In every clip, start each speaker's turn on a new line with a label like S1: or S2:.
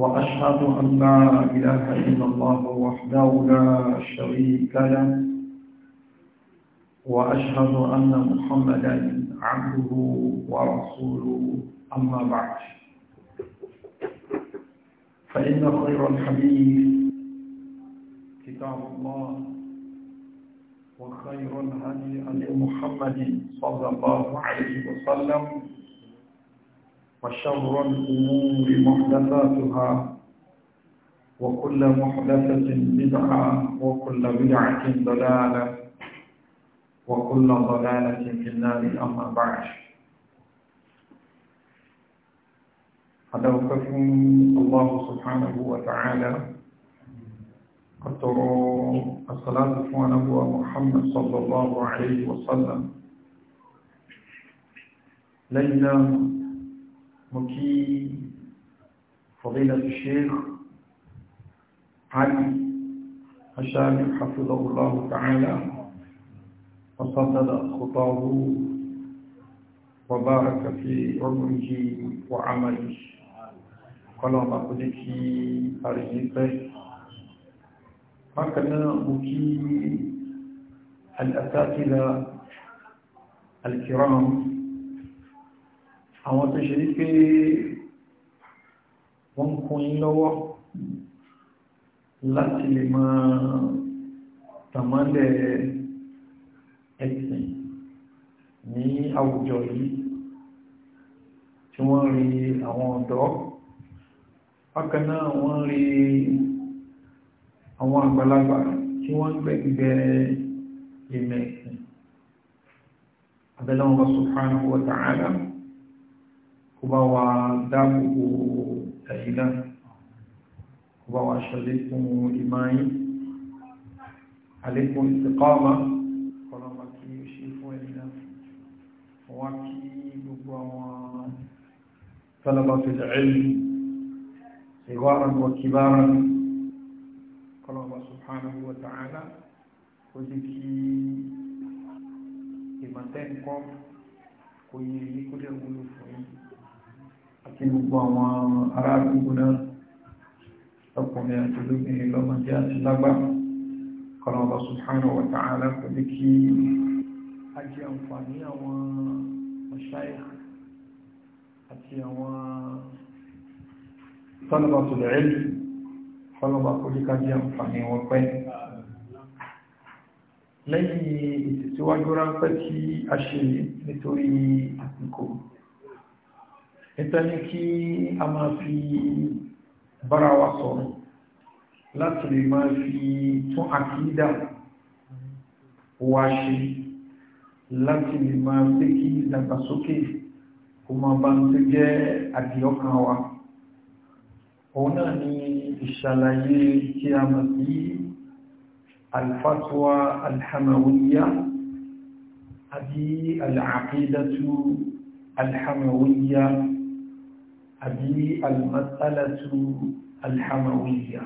S1: وأشهد أن لا إله إلا الله وحده لا شريك له وأشهد أن محمدا عبده ورسوله أما بعد فإن خير الحديث كتاب الله وخير الهدي أن محمد صلى الله عليه وسلم وشر الأمور محدثاتها وكل محدثة بدعة وكل بدعة ضلالة وكل ضلالة في النار أما بعد أدوككم الله سبحانه وتعالى أترى الصلاة على محمد صلى الله عليه وسلم لينا مكي فضيلة الشيخ علي الشامي حفظه الله تعالى وصدد خطاه وبارك في عمره وعمله kọlọ̀ ما kó jẹ́ kí àríyí مكي Bákanáà الكرام àwọn tó ṣe wípé wọ́n ń kún yín lọ́wọ́ láti lè máa tàmálẹ̀ ẹ̀sìn ní àwùjọ yìí tí wọ́n rí àwọn ọ̀dọ́ bákan náà wọ́n rí àwọn àgbàlagbà tí wọ́n gbẹ̀gbẹ̀ ìmẹ̀sìn abẹ́lẹ́wọ̀n subhanahu wa ta'ala kó bá wa dáàbòbò ẹ̀yìn náà kó bá wa ṣàlékún ìmáyín àlékún ìsìnkọ́ọ̀mà kọlọ́mà kí ó ṣe fún ẹ̀yìn náà wọ́n wá kí gbogbo àwọn tọ́lọ́bà fi lẹ́ẹ̀lì ìwárà wọ̀kíbára kọlọ́mà subhanahu wa ta'ala ó jẹ́ kí ìmọ̀tẹ́ kò yẹ kó lè wúlò fún yín àti gbogbo àwọn ará àdúgbò náà ọkùnrin àti olóbìnrin lọ́mọdé àti lágbà kọlọ̀ọ̀bà subhanahu wa ta'ala kò ní kí
S2: a jẹ àǹfààní àwọn mashayikh
S1: àti àwọn talabatul ilm kọlọ̀ọ̀bà kò ní ká àǹfààní wọn pẹ́ lẹ́yìn ìtẹ̀síwájú ráńpẹ́ tí a ṣe nítorí àsìkò ìtẹ́ni kí a máa fi bára wa sọ̀rọ̀ láti lè máa fi tún àkídà wa ṣe láti lè máa pé kí ìdàgbàsókè kò máa bá ń tó jẹ́ àdìọ́kan wa òun náà ni ìṣàlàyé tí a mọ̀ sí alfatwa alhamawiyya àti al'aqidatu alhamawiyya هذه المسألة الحموية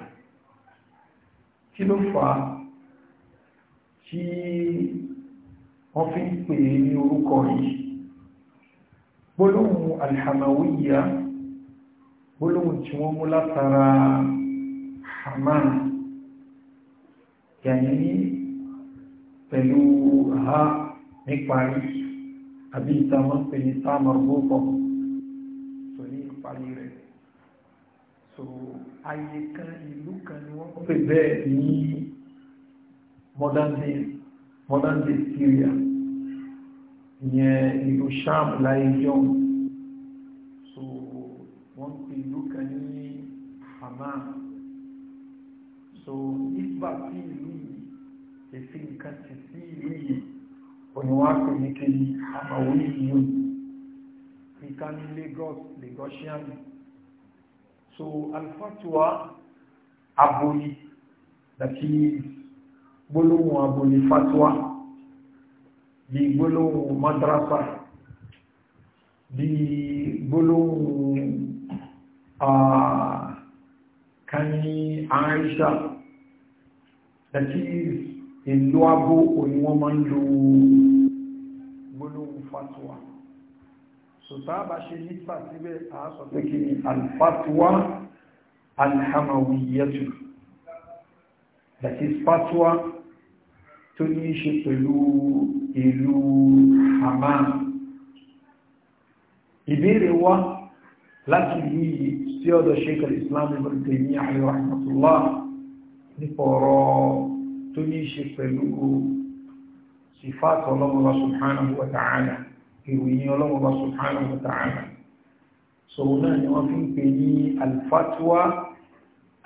S1: كلفا في وفيق يوركوي بلوم الحموية بلوم تشوم لا ترى حما يعني بلوها نكبري أبي تامر بني تامر بوطو parí rẹ̀ so àyè kan ìlú kan ni wọ́n pè bẹ́ẹ̀ ní modern day modern Syria ìyẹn ìlú sham láyé john so wọ́n pè ìlú kan ní Haman so nígbà tí ìlú yìí èsì nǹkan ti sí ìlú yìí òníwá pè ní kejì àmàwí yìí ìkan ní Lagos Lagosian so alifatuwa aboli dàbí gbólóhùn aboli fatuwa bí gbólóhùn madrasa bí gbólóhùn kani Aisha dàbí ìlú abó òní wọ́n máa ń lo gbólóhùn fatuwa sùtàbà ṣe nípa síbẹ̀ àásọ pé kí ni alfatuwa alhamawiyyatu that is fatwa tó ní ṣe pẹ̀lú ìlú Hama ìbéèrè wá láti ní sí ọ̀dọ̀ ṣekà Islam ibn Taymiyyah alayhi rahmatullah nípa tó ní ṣe pẹ̀lú sifat Allah subhanahu wa ta'ala ìròyìn ọlọ́mọba subhanahu wa ta'ala sọ̀rọ̀ náà ni wọ́n fi ń pè ní alfatwa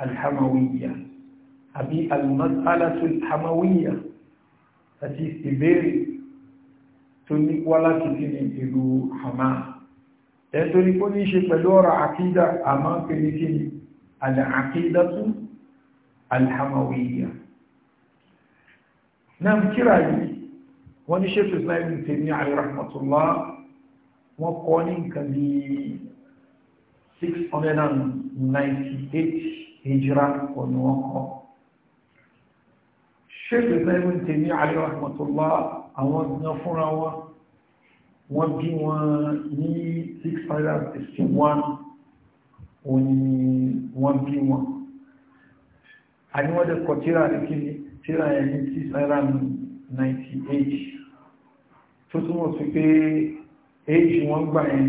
S1: alhamawiyya àbí almasalatu alhamawiyya àti ìbéèrè tó ní wá láti fi ní ìlú hama ẹ̀tọ́rí kó ní ṣe pẹ̀lú ọ̀rọ̀ àkídà àmá pè ní kí ni al alhamawiyya náà kíra yìí wọ́n ní ṣéṣù islam tèmi àrí rahmatullah wọ́n kọ́ ní nǹkan bí 698 hijira ọ̀nà wọn kọ́ ṣéṣù islam tèmi àrí rahmatullah àwọn gan fúnra wọn wọ́n bí wọn ní 661 òní wọ́n bí wọn àníwọ́dẹ̀ kọ̀ tíra ní kí tíra ẹni 698 tó túnmọ̀ sí pé èyí wọ́n gbà ẹ̀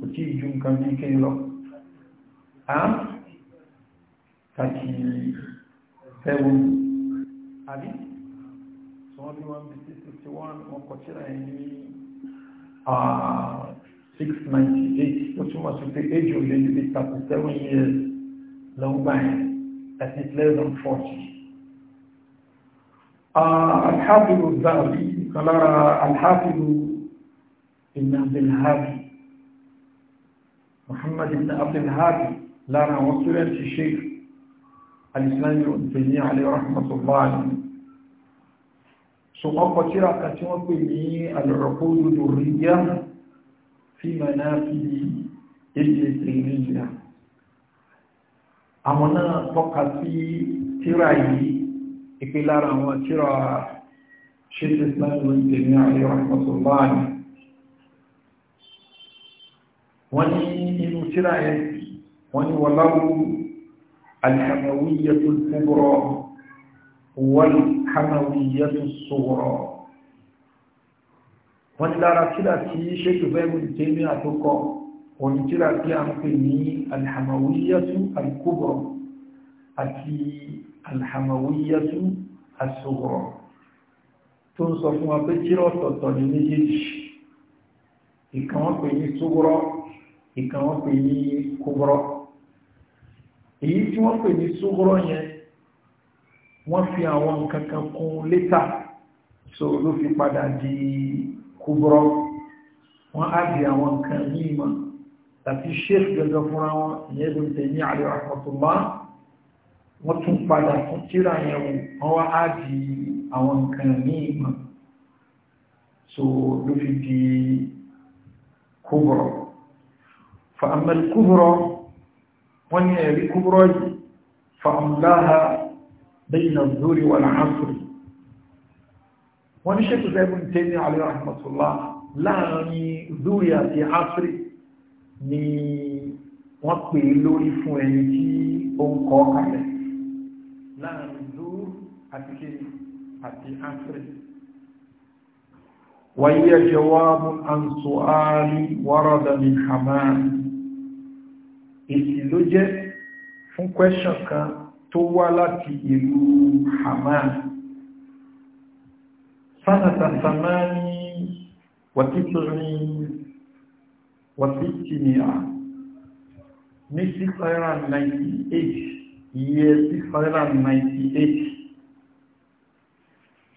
S1: kò tí ìjú nǹkan bí kí lọ àá tàbí seven àbí tí wọ́n bí wọ́n bí sí sixty one wọ́n kọ̀ tí ra ẹni six tó túnmọ̀ sí pé èyí ò lè lè tàbí seven years lọ gbà ẹ̀ that is less than 40. Uh, Al-Habib al قال الحافظ ابن عبد الهادي محمد بن عبد الهادي لا نوصل الشيخ الإسلام ابن تيمية عليه رحمة الله عليه قتل قتل قتل العقود الدرية في منافذ ابن تيمية أمنا فقط في تيرايي إكلار أمنا تيرايي شيخ الإسلام ابن تيمية عليه رحمة الله عليه wọ́n ní inú tíra ẹ̀ wọ́n ní wọ́láwó alhamawiyyatu kubra wal hamawiyyatu sughra wọ́n ní lára tíra tí ṣékù bẹ́ẹ̀mù tèmi àtúkọ wọ́n ní tíra tí a ń pè ní alhamawiyyatu alkubra àti alhamawiyyatu asughra tó ń sọ fún wa pé jíra ọ̀tọ̀ọ̀tọ̀ ní méjèèjì ìkan wọ́n pè ní súwúrọ́ ìkan wọ́n pè ní kúbúrọ́ èyí tí wọ́n pè ní súwúrọ́ yẹn wọ́n fi àwọn nǹkan kan kún létà so ló fi padà di kúbúrọ́ wọ́n á di àwọn nǹkan yìí mọ̀ tàbí sheikh gẹ́gẹ́ fúnra wọn ìyẹn ló ń tẹ̀ ní àlè rahmatullah wọ́n tún padà fún tíra yẹn wọ́n wá á di àwọn nǹkan ní ìmọ̀ so ló fi di kúbọ̀rọ̀ fa'amal kúbọ̀rọ̀ wọ́n ni ẹ̀rí kúbọ̀rọ̀ yìí fa'amláha bayna zuri wal asri wọ́n ni ṣekú zẹ́bùn tẹ́ni alayhi rahmatullah láàrin zuri àti asri ni wọ́n pè lórí àti áfírí wáyé jẹwàbù ansuari wárọ̀dà ní hamam èsì ló jẹ́ fún kwẹ́ṣọ̀n kan tó wá láti ìlú hamam sanata samani wàtíkùnrin wàtíkìnìyà ní 698 year 698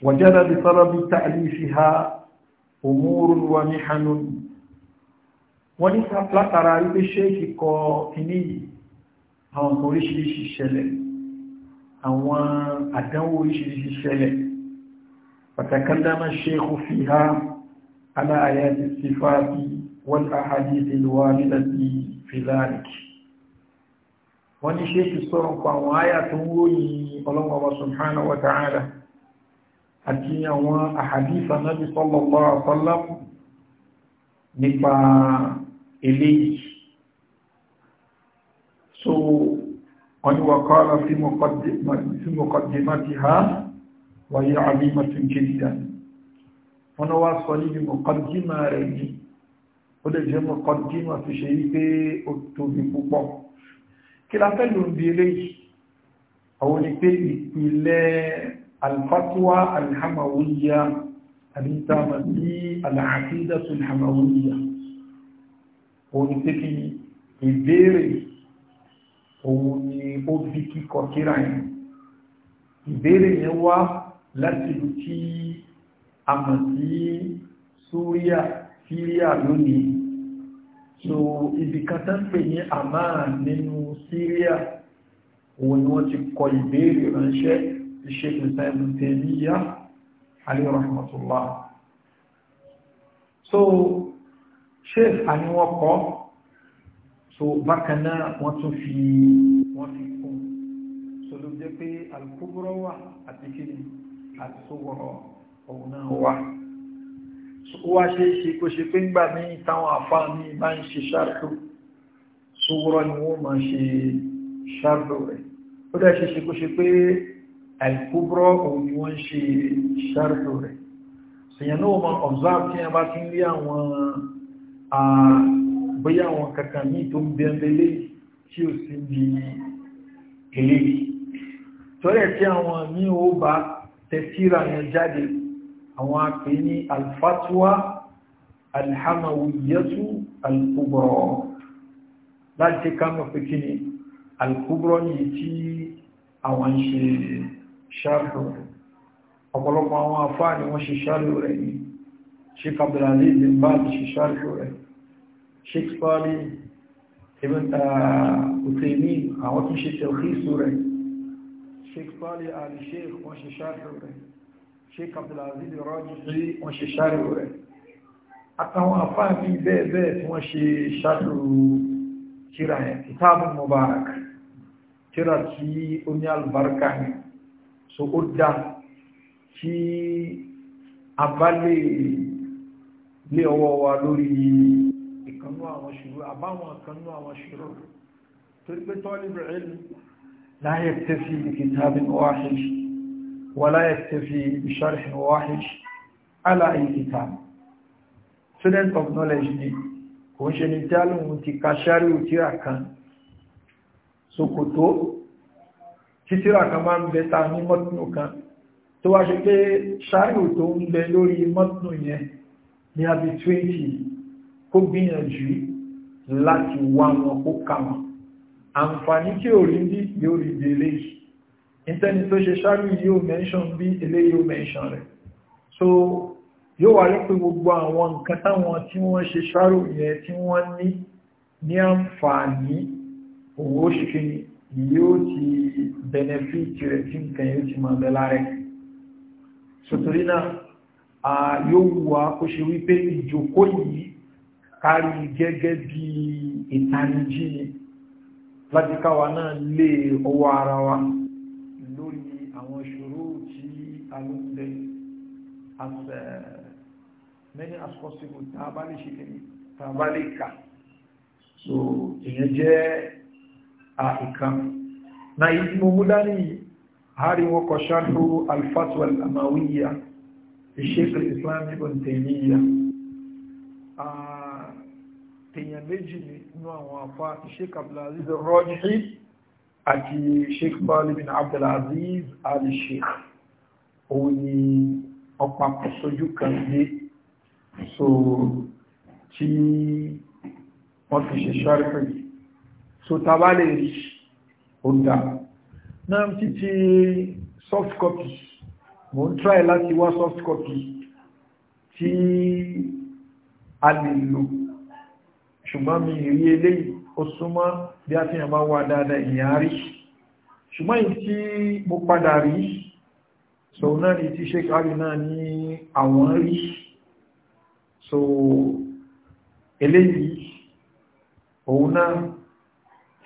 S1: وجد بطلب تأليفها أمور ومحن wọ́n ní látara wípé ṣéèkì kọ kìíní yìí àwọn ọmọ oríṣiríṣi ṣẹlẹ̀ àwọn àdánwò oríṣiríṣi ṣẹlẹ̀ pàtàkàndámà ṣéèkù fi ha aláàyà ti sífàájú wọ́n àhàdí ìlúwà nílàtí fìlárìkì wọ́n ní ṣéèkì sọ́rọ̀ pa àwọn áyà tó ń wó yìí ọlọ́wọ́ àti àwọn àhàdífà náàbí sallallahu alaihi wasallam nípa eléyìí so wọ́n ni wa qala fi muqaddimatiha wa hiya azimatun jiddan wọ́n wá sọ níbi muqaddima rẹ̀ ní ó lè jẹ́ muqaddima fi ṣe wípé ó tóbi púpọ̀ kí la alfatuwa alhamawiyya àbí ìtàmà sí alàkídàtù alhamawiyya òun tí kí ìbéèrè òun ni ó bí kíkọ kíra yẹn ìbéèrè yẹn wá láti lù kí a mọ̀ sí súríà síríà lónìí so ibi kan tán pè ní àmáà nínú síríà òun ni wọ́n ti kọ ìbéèrè ránṣẹ́ ti ṣe ìsẹ́nu tèmíyà alayhi rahmatullah so ṣe àníwọ̀n kọ́ so bákan náà wọ́n tún fi wọ́n fi kún so ló jẹ́ pé alukóbúrọ́ wà àti kí àti sówọ́rọ̀ òun náà wà ó wá ṣe é ṣe kó ṣe pé ńgbà ní táwọn àfáà ní bá ń ṣe ṣáàtò sówọ́rọ̀ ni wọ́n máa ṣe ṣáàtò rẹ̀ ó dẹ̀ ṣe ṣe kó ṣe pé alkubra òun ni wọ́n ṣe ṣarfò rẹ̀ ṣèyàn náà ma observe tí a bá ti rí àwọn bóyá àwọn kankan ní tó ń bẹ̀ẹ̀lẹ̀ tí ó sì bí ilé tọ́rẹ̀ tí àwọn ní ó bá tẹ̀síra yẹn jáde àwọn àpè ní alfatuwa alhamawiyatu alkubra láti ká mọ̀ pé kí ni alkubra ní tí àwọn ṣe ṣáàrù ọ̀pọ̀lọpọ̀ àwọn afá ni wọ́n ṣe ṣáàrù rẹ̀ ní sheik abdulaziz bin baz ṣe ṣáàrù rẹ̀ sheik sali ibn ah, utemi àwọn tún ṣe tẹ̀lẹ́sù rẹ̀ sheik sali ali sheik wọ́n ṣe ṣáàrù rẹ̀ sheik abdulaziz rajisi wọ́n ṣe ṣáàrù rẹ̀ àtàwọn afá mi bẹ́ẹ̀ bẹ́ẹ̀ tí wọ́n ṣe ṣáàrù kíra yẹn so ó dá kí a bá lè lé ọwọ́ wa lórí ìkanú àwọn ṣòro àbáwọn ìkanú àwọn ṣòro torí pé tọ́lì bẹ̀rẹ̀ la yaktafi bi kitabin wahid wa la yaktafi bi sharhin wahid ala student of knowledge ni kò ń ṣe ni tí a lóhun ti ka ṣárí òtíra kan títíra kan máa ń bẹ ta ní mọ́tínú kan tó wá ṣe pé ṣáàrù tó ń bẹ lórí mọ́tínú yẹn ní àbí 20 kó gbìyànjú láti wá wọn kó ká wọn àǹfààní tí ò rí bí yóò rí bí eléyìí ìtẹ́ni tó ṣe ṣáàrù yóò mẹ́ṣàn bí eléyìí yóò mẹ́ṣàn rẹ̀ so yóò wà lópe gbogbo àwọn nǹkan táwọn tí wọ́n ṣe ṣáàrù yẹn tí wọ́n ní ní àǹfààní òun ó yóò ti benefit rẹ̀ tí nǹkan yóò ti máa bẹ lárẹ́ sọ̀tọ̀rí náà yóò wà kó ṣe wípé ìjòkó yìí kárí gẹ́gẹ́ bí ìtanijí láti káwa náà lé ọwọ́ ara wa lórí àwọn ṣòro tí a ló ń bẹ as eh, many as possible tá ṣe tá a so ìyẹn jẹ́ àìkan na ìdí mo mú dání hari wọn kọ ṣáàrù alfatwa al'amawiyya ìṣẹ́kù islam ibn taymiya tèyàn méjì nínú àwọn afá ìṣẹ́kù abdulaziz rọ́jì àti sheikh bali bin abdulaziz ali sheikh òun ni ọpapọ̀ sójú kan gbé so tí wọ́n fi ṣe so tàbá lè rí ọ̀dá soft copy mo ń try láti wá soft copy tí a lè lò ṣùgbọ́n mi rí eléyìí ó súnmọ́ bí a fi hàn bá wà dáadáa ìyàn rí ṣùgbọ́n yìí tí mo padà rí so náà ni tí ṣe kárí náà ní àwọn rí so eléyìí òun náà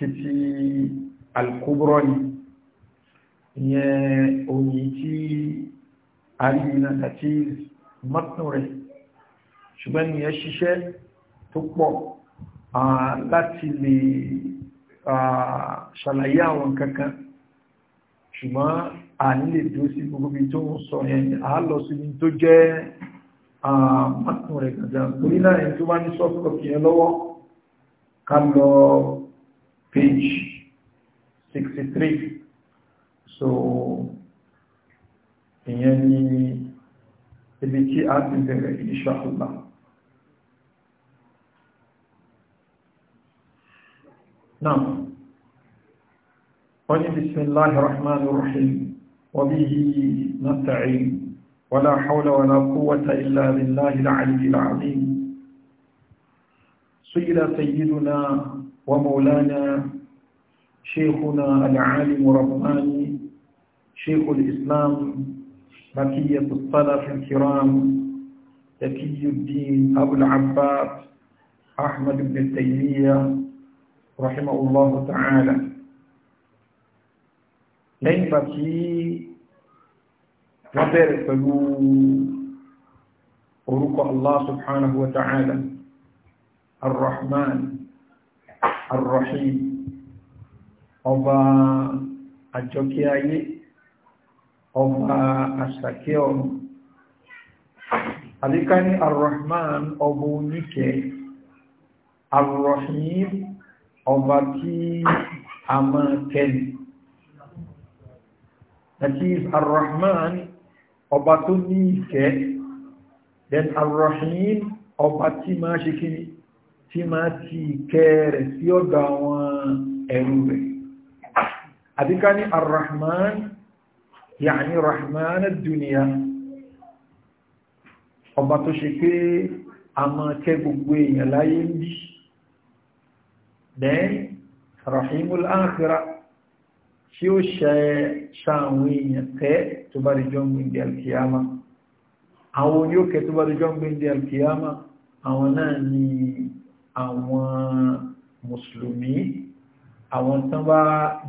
S1: títí alkúbọ́rọ̀ ni ìyẹn oyin tí àríyìn àti mọ́tún rẹ̀ ṣùgbọ́n ni ẹ ṣiṣẹ́ tó pọ̀ láti lè ṣàlàyé àwọn kankan ṣùgbọ́n a nílè tó sí gbogbo bí tó ń sọ yẹn a lọ sí ní tó jẹ́ mọ́tún rẹ̀ gàgà orílẹ̀-èdè tó bá ní sọ́fọ́kì yẹn lọ́wọ́ ká lọ page 63 so yani ibiki atin de inshallah نعم قل بسم الله الرحمن الرحيم وبه نستعين ولا حول ولا قوة إلا بالله العلي العظيم سيد سيدنا ومولانا شيخنا العالم رباني شيخ الإسلام مكية السلف الكرام تكي الدين أبو العباس أحمد بن تيمية رحمه الله تعالى لين بكي وبرك الله سبحانه وتعالى الرحمن arrahim ọba àjọkí ayé ọba àṣàkí ọ̀run àdíká ní arrahman ọba oníkẹ́ arrahim ọba tí a máa kẹ́lì àti arrahman ọba tó ní ìkẹ́ then arrahim ọba tí máa ṣe kí ni tí máa ti ìkẹ́ rẹ̀ sí ọ̀dọ̀ àwọn ẹ̀rù rẹ̀ àbíká ní arrahman yàní rahman duniya ọba tó ṣe pé a máa kẹ́ gbogbo èèyàn láyé ń bí then rahimul akhira tí ó ṣe ṣàwọn èèyàn kẹ́ tó bá rí jọ àwọn náà ni àwọn mùsùlùmí àwọn tán bá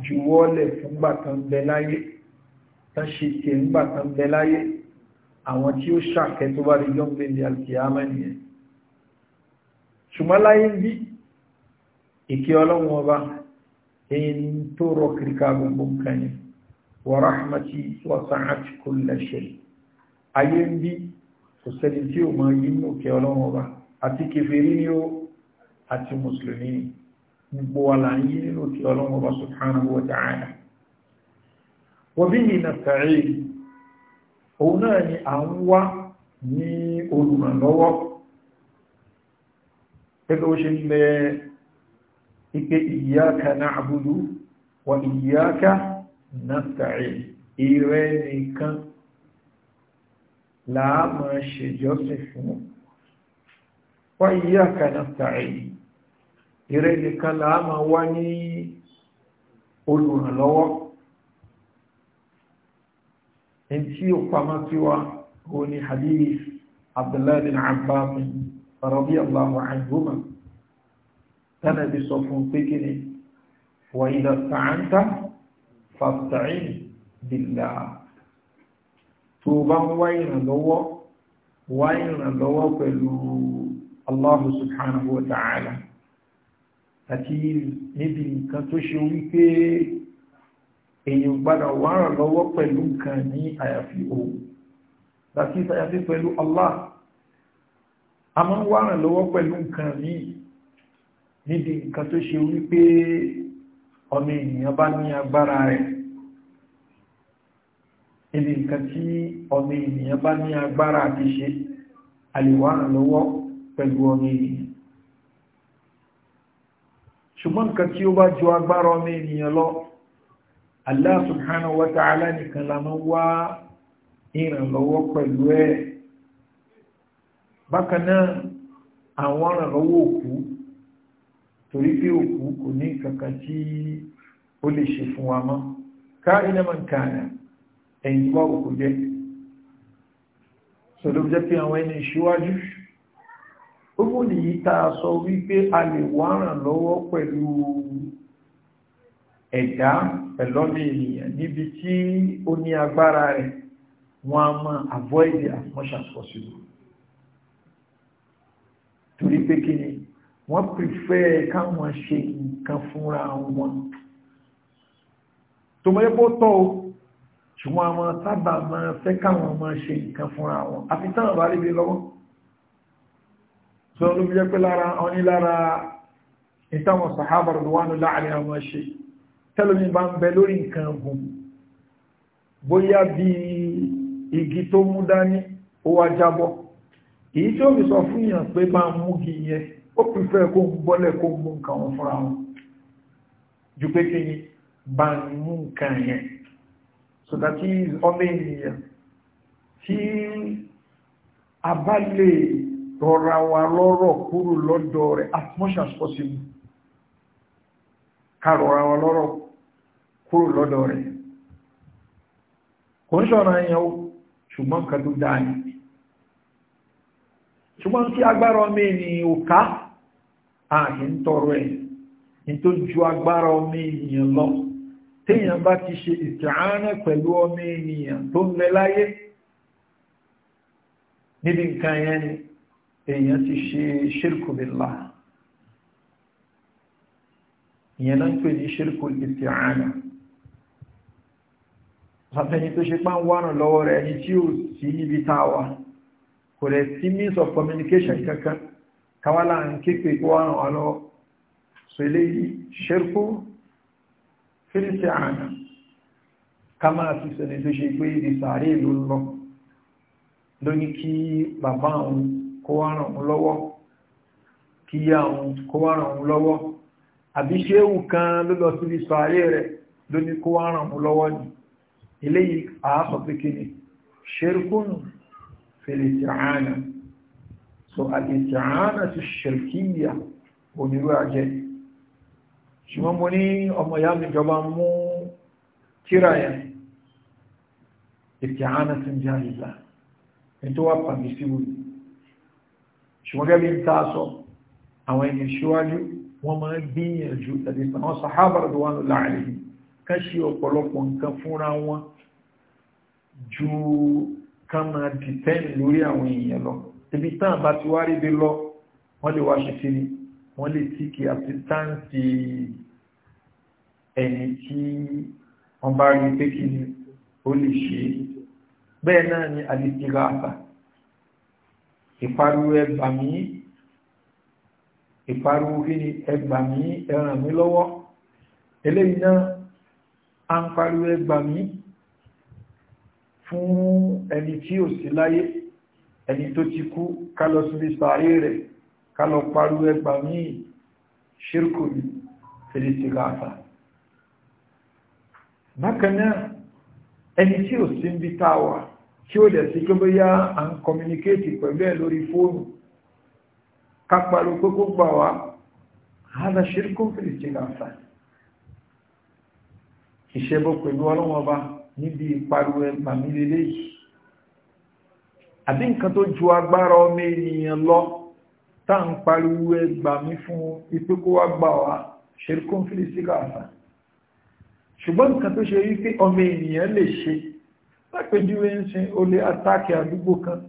S1: juwọ́lẹ̀ fúngbà kan bẹ láyé tán ṣe tí ẹ̀ ńgbà kan bẹ láyé àwọn tí ó ṣàkẹ́ tó bá rí jọ́ǹgbé ní alkiyama nìyẹn ṣùgbọ́n láyé ń bí ìkẹ́ ọlọ́run ọba èyí tó rọ kìríkà gbogbo nǹkan ni wa rahmati wasa'at kulla shay ayé ń bí kò sẹ́ni tí ò mọ yínú ìkẹ́ ọlọ́run ọba àti kèfèrí ni ó àti mùsùlùmí gbogbo wa là ń yí nínú ti ọlọ́run ọba subhanahu wa ta'ala wa bihi nasta'in òun náà ni à ń wá ní olùrànlọ́wọ́ gẹ́gẹ́ ó ṣe ń lẹ ike iyyaka na'budu wa iyyaka nasta'in ìrẹ́ nìkan láàmà ṣèjọ́sìn fún wa iyyaka nasta'in ìrẹ́ nìkan là á máa wá ní olùrànlọ́wọ́ ẹni tí ó pamọ́ sí wa òun ni hadith abdullahi bin abbas radiyallahu anhuma tánà bí sọ fún pé kí ni wa idha sta'anta tó bá ń wá pẹ̀lú Allah subhanahu wa ta'ala àti níbi nǹkan tó ṣe wípé èèyàn gbádà wà ràn lọ́wọ́ pẹ̀lú nǹkan ní àyàfi òun láti ìsàyàfi pẹ̀lú Allah a máa ń wà ràn lọ́wọ́ pẹ̀lú nǹkan ní níbi nǹkan tó ṣe wípé ọmọ ènìyàn bá ní agbára rẹ̀ níbi nǹkan tí ọmọ ènìyàn bá ní agbára àti ṣe àlèwà ràn lọ́wọ́ pẹ̀lú ọmọ ènìyàn ṣùgbọ́n nǹkan tí ó bá ju agbára ọmọ ènìyàn lọ Allah subhanahu wa ta'ala nìkan la máa wá ìrànlọ́wọ́ pẹ̀lú ẹ̀ bákan náà àwọn ìrànlọ́wọ́ òkú torí pé òkú kò ní kankan tí ó lè ṣe fún wa mọ́ ká iná máa ń òkú jẹ́ sọ̀rọ̀ jẹ́ pé àwọn ẹni ìṣíwájú ṣù gbogbo nìyí tá a sọ wípé a lè wárán lọ́wọ́ pẹ̀lú ẹ̀dá pẹ̀lọ́mì ènìyàn níbi tí ó ní agbára rẹ̀ wọ́n a máa avoid it as much as possible torí pé kí ni wọ́n prefer káwọn ṣe nǹkan fúnra wọn tó tọ́ o ṣùgbọ́n àwọn sábà máa fẹ́ káwọn máa ṣe nǹkan fúnra wọn àfi táwọn bá rí bí lọ́wọ́ so ló fi jẹ́ pé lára ọní lára ìtàwọn sàhábàrà lọ́wọ́nù láàrin àwọn ṣe tẹ́lómi bá ń bẹ lórí nǹkan gùn bóyá bí igi tó mú dání ó wá jábọ́ èyí tí ó fi sọ fún èèyàn pé máa mú gi yẹn ó pìfẹ́ kó ń bọ́lẹ̀ kó mú nǹkan wọn fúnra wọn ju pé kí ni bá ń mú nǹkan so that is ọmọ ènìyàn tí a rọra wa lọ́rọ̀ kúrò lọ́dọ̀ rẹ̀ as much as possible ká rọra wa lọ́rọ̀ kúrò lọ́dọ̀ rẹ̀ kò ń ṣọ̀rọ̀ ẹ̀yàn o ṣùgbọ́n tó ṣùgbọ́n kí agbára omi ènìyàn ò ká ààyè tọrọ ẹ̀ ní tó agbára omi ènìyàn lọ èèyàn ti ṣe ṣírkù billah ìyẹn náà ń pè ní ṣírkù isti'ana àfẹ́ni tó ṣe pán wà náà lọ́wọ́ rẹ̀ ẹni tí ó sí níbi táwa kò rẹ̀ sí means of communication kankan kawala ń képe kó wà náà lọ ilé ṣírkù fil isti'ana ká máa fi sẹ́ni tó ṣe pé ìsàárè ló lọ lóní kí bàbá òun kó wá ràn òun lọ́wọ́ kí yá òun kó wá ràn òun lọ́wọ́ àbí ṣéwù kan ló lọ síbi sàárè rẹ̀ ló ní kó wá ràn òun lọ́wọ́ ni àásọ̀ pé kí ni ṣerkúnù fèrèsì so àdèsì ti ṣèrkíyà onírú àjẹ́ mo ní ọmọ ìyá mi jọba mú tíra ìtìhánà ti ń jẹ́ àyíká ètò wà pàmì síwòye ṣùgbọ́n gẹ́gẹ́ bí ta sọ àwọn ẹni ṣíwájú wọ́n máa gbìyànjú tàbí àwọn sàhábà radwanullahi alaihim ká ṣe ọ̀pọ̀lọpọ̀ nǹkan fúnra wọn ju ká máa dìtẹ́ǹ lórí àwọn èèyàn lọ ibi tán bá ti wá rí bí lọ wọ́n lè wá ṣe kiri wọ́n lè tí kí àfitáǹsì ẹni tí wọ́n bá rí pé kí ó lè ṣe bẹ́ẹ̀ náà ni àdìsí ra àtà ìparu ẹgbà mí ìparu kíni ẹgbà mí ẹ ràn mí lọ́wọ́ eléyìí náà a ń pariwo ẹgbà mí fún ẹni tí ò sí láyé ẹni tó ti kú kálọ síbi sàárè rẹ̀ kálọ pariwo ẹgbà mí ṣírkù fèrèsì gáàtà bákan náà ẹni tí ò sí ń bí táwàá tí ó dẹ̀ sí pé bóyá à ń communicate pẹ̀lú ẹ̀ lórí fóònù kápálù pé kó gbà wá hádà ṣírkùn fìrìsìn àṣà ìṣẹ́bọ pẹ̀lú ọlọ́wọ́n bá níbi ìpariwo ẹgbàmí lélẹ́yìí àbí nǹkan tó ju agbára ọmọ ènìyàn lọ tá ń pariwo ẹgbàmí fún ipé kó wá gbà wá ṣírkùn fìrìsìn àṣà ṣùgbọ́n nǹkan tó ṣe wípé ọmọ ènìyàn lè ṣe lápèjúwe ń sin olè atáàkì àdúgbò kan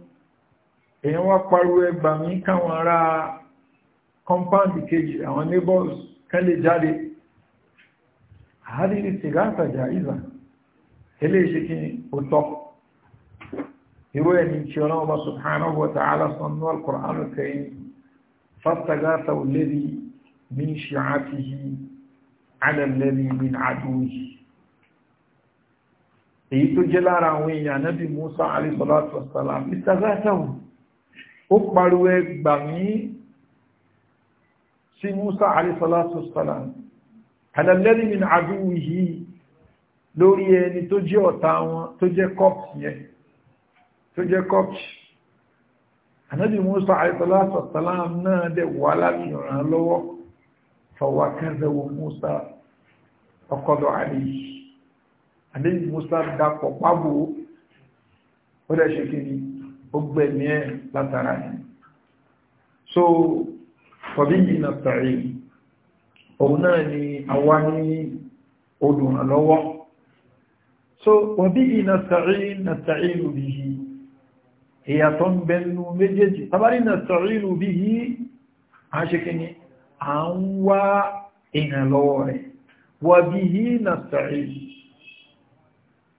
S1: èèyàn wá pariwo ẹgbà mí káwọn ará kọ́mpáǹdì kejì àwọn neighbors kan lè jáde àádìrí sìgá àtàjà ìzà eléyìí kí ni ó tọ́ irú ẹni tí ọlọ́run bá subhanahu wa ta'ala sannu al-Qur'an al-Karim fastaghatha alladhi min shi'atihi ala alladhi min aduwwihi èyí tó jẹ́ lára àwọn èèyàn nábì Musa alayhi salatu wassalam ìtàgátàwò ó pariwo ẹgbà mí sí Musa alayhi salatu wassalam alẹ́lẹ́rì min aduwihi lórí ẹni tó jẹ́ ọ̀tá wọn tó jẹ́ kọ́pì yẹn tó jẹ́ kọ́pì anábì Musa alayhi salatu wassalam náà dẹ̀ wà láti ràn án lọ́wọ́ Musa ọkọ̀dọ̀ alayhi àdéhùn musa dapọ̀ pábò ó dẹ̀ ṣe kí ni ó gbẹ̀mí ẹ̀ látara ẹ̀ so tọ̀bí yìí na tàrí òun náà ni àwa ní olùrànlọ́wọ́ so tọ̀bí yìí na tàrí na tàrí lórí yìí ìyàtọ̀ ń bẹnu méjèèjì tàbárí na tàrí lórí yìí a ṣe kí ni à ń wá ìrànlọ́wọ́ rẹ̀ wọ́bí yìí na tàrí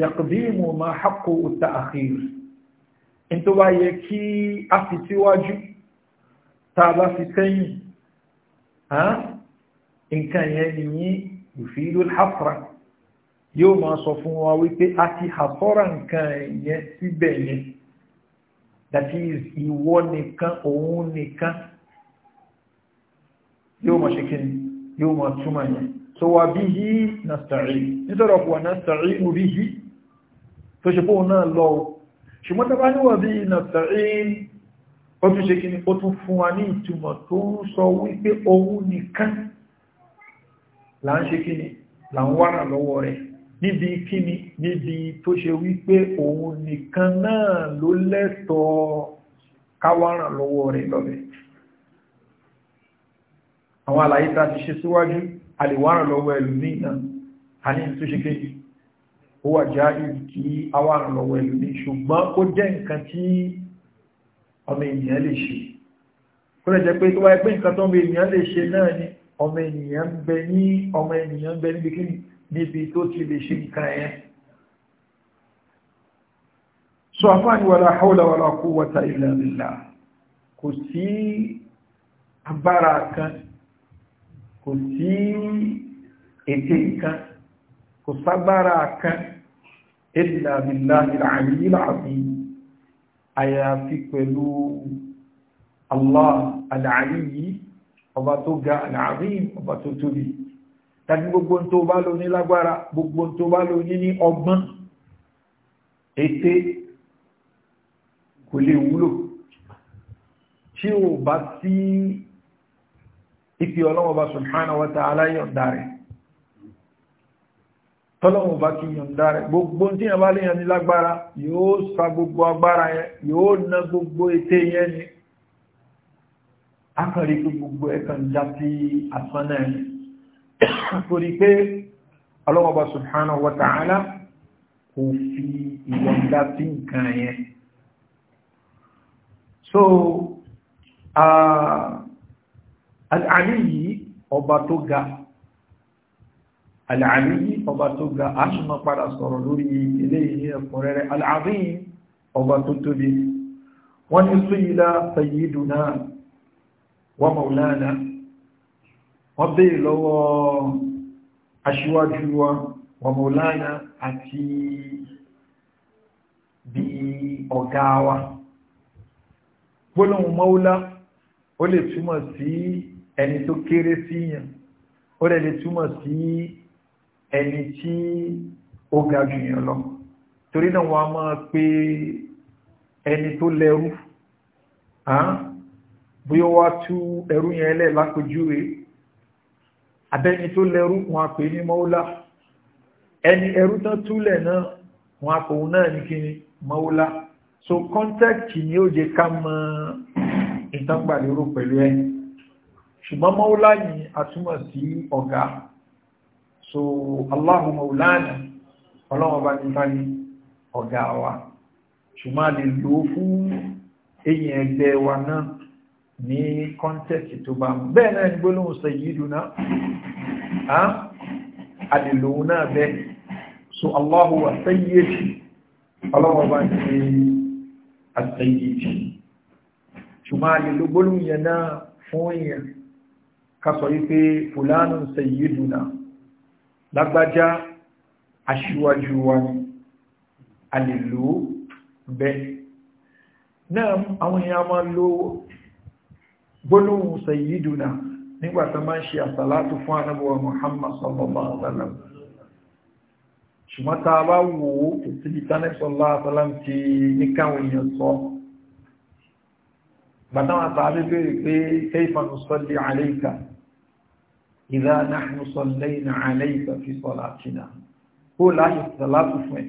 S1: tẹ̀kùdíìmù ma hapkò òta àkíyèsí in tó bá yẹ kí a fi síwájú tá a bá fi sẹ́yìn nǹkan yẹn nìyí ìfìlú hafra yóò máa sọ fún wa wípé a ti hafọ́ra nǹkan yẹn síbẹ̀ yẹn that is ìwọ nìkan òun nìkan yóò máa ṣe kí ni yóò máa túmọ̀ yẹn so wa bihi nasta'in nítorí ọ̀pọ̀ nasta'in bihi tó ṣe fóun náà lọ ṣùgbọ́n tó bá bí iná tàín ó ṣe kíni ó tún fún wa ní ìtumọ̀ tó ń sọ wípé ohun nìkan là ń ṣe kíni là ń wára lọ́wọ́ rẹ̀ níbi kíni níbi tó ṣe wípé ohun nìkan náà ló lẹ́tọ̀ọ́ káwára lọ́wọ́ rẹ̀ lọ́bẹ̀ àwọn àlàyé tá a ti ṣe síwájú àlèwára lọ́wọ́ ẹlòmíì náà a ní ìtúnṣe kejì ó wà já ìrìkí awárin lọ́wọ́ ẹ̀lú ní ṣùgbọ́n ó jẹ́ nǹkan tí ọmọ ènìyàn lè ṣe kó lè jẹ́ pé tó wáyé pé nǹkan tó ọmọ ènìyàn lè ṣe náà ni ọmọ ènìyàn ń bẹ ní ọmọ ènìyàn ń bẹ níbi kí níbi tó ti lè ṣe nǹkan ẹ̀ kò ságbára kan illa billahi al-aliyyil azim àyàfi pẹ̀lú Allah al-aliyyi ọba tó ga al-azim ọba tó tóbi tàbí gbogbo tó bá lò ní lágbára gbogbo tó bá lò ní ní ọgbọ́n ète kò lè wúlò tí ó bá sí ìpí ọlọ́wọ́ bá subhanahu wa ta'ala yọ̀ǹda rẹ̀ tọ́lọ́wọ́ bá kí yọ̀ǹda rẹ̀ gbogbo tí yàn bá lè yàn ní lágbára yóò sa gbogbo agbára yẹn yóò na gbogbo ète yẹn ni akọ̀rí pé gbogbo ẹ̀kan já sí asán náà torí pé ọlọ́wọ́ba subhanahu wa kò fi ìyọ̀ǹda sí nǹkan yẹn so àlì ah, yìí ọba tó ga العلي ọba tó ga aṣùmọ̀ padà sọ̀rọ̀ lórí ilé ilé ẹ̀kùnrẹ́rẹ́ العظيم ọba tó tóbi wọ́n ni súyílá sayyiduna wa maulana wọ́n bèèrè lọ́wọ́ aṣíwájú wa wa maulana àti bí ọ̀gá wa maula ó lè túmọ̀ sí ẹni tó kéré síyàn ó lè túmọ̀ sí ẹni tí ó ga jù yàn lọ torí náà wọ́n a máa pé ẹni tó lẹ́rú bí ó wá tú ẹrú yẹn lẹ̀ lápòjúwe abẹ́ni tó lẹ́rú wọn a pè ní mọ́ọ́lá ẹni ẹrú tán túlẹ̀ náà wọn a pè òun náà ní kíni mọ́ọ́lá so contact ni ó jẹ ká mọ ìtàngbàlérò pẹ̀lú ẹ ṣùgbọ́n mọ́ọ́lá yìí a túmọ̀ sí ọ̀gá so Allahu Maulana ọlọ́wọ́n bá nípa ní ọ̀gá wa ṣùgbọ́n a lè lò ó fún èyàn ẹgbẹ́ wa náà ní kọ́ntẹ́kì tó bá mú bẹ́ẹ̀ náà ní gbólóhùn sayyiduna a lè lò ó náà bẹ́ẹ̀ so Allahu wa sayyid ọlọ́wọ́n bá ní àtẹ́yìí ṣùgbọ́n a lè lò gbólóhùn yẹn náà fún èyàn ká sọ wípé fulanun lágbájá aṣíwájú wa ni a lè lò ó bẹ́ẹ̀ náà àwọn èèyàn máa lo gbólóhùn sayyiduna nígbàtà máa ń ṣe àsàlátù fún anábọ̀wà Muhammad sallallahu alaihi wasallam ṣùgbọ́n ta bá wò ó kò síbi tánẹ́sọ̀lá àtàlám ti ní káwọn ìdá náà sọlẹ̀ ìnà àlẹ́ ìfẹ́fí sọlá àtìnà ó láyé sàlátù fún ẹ̀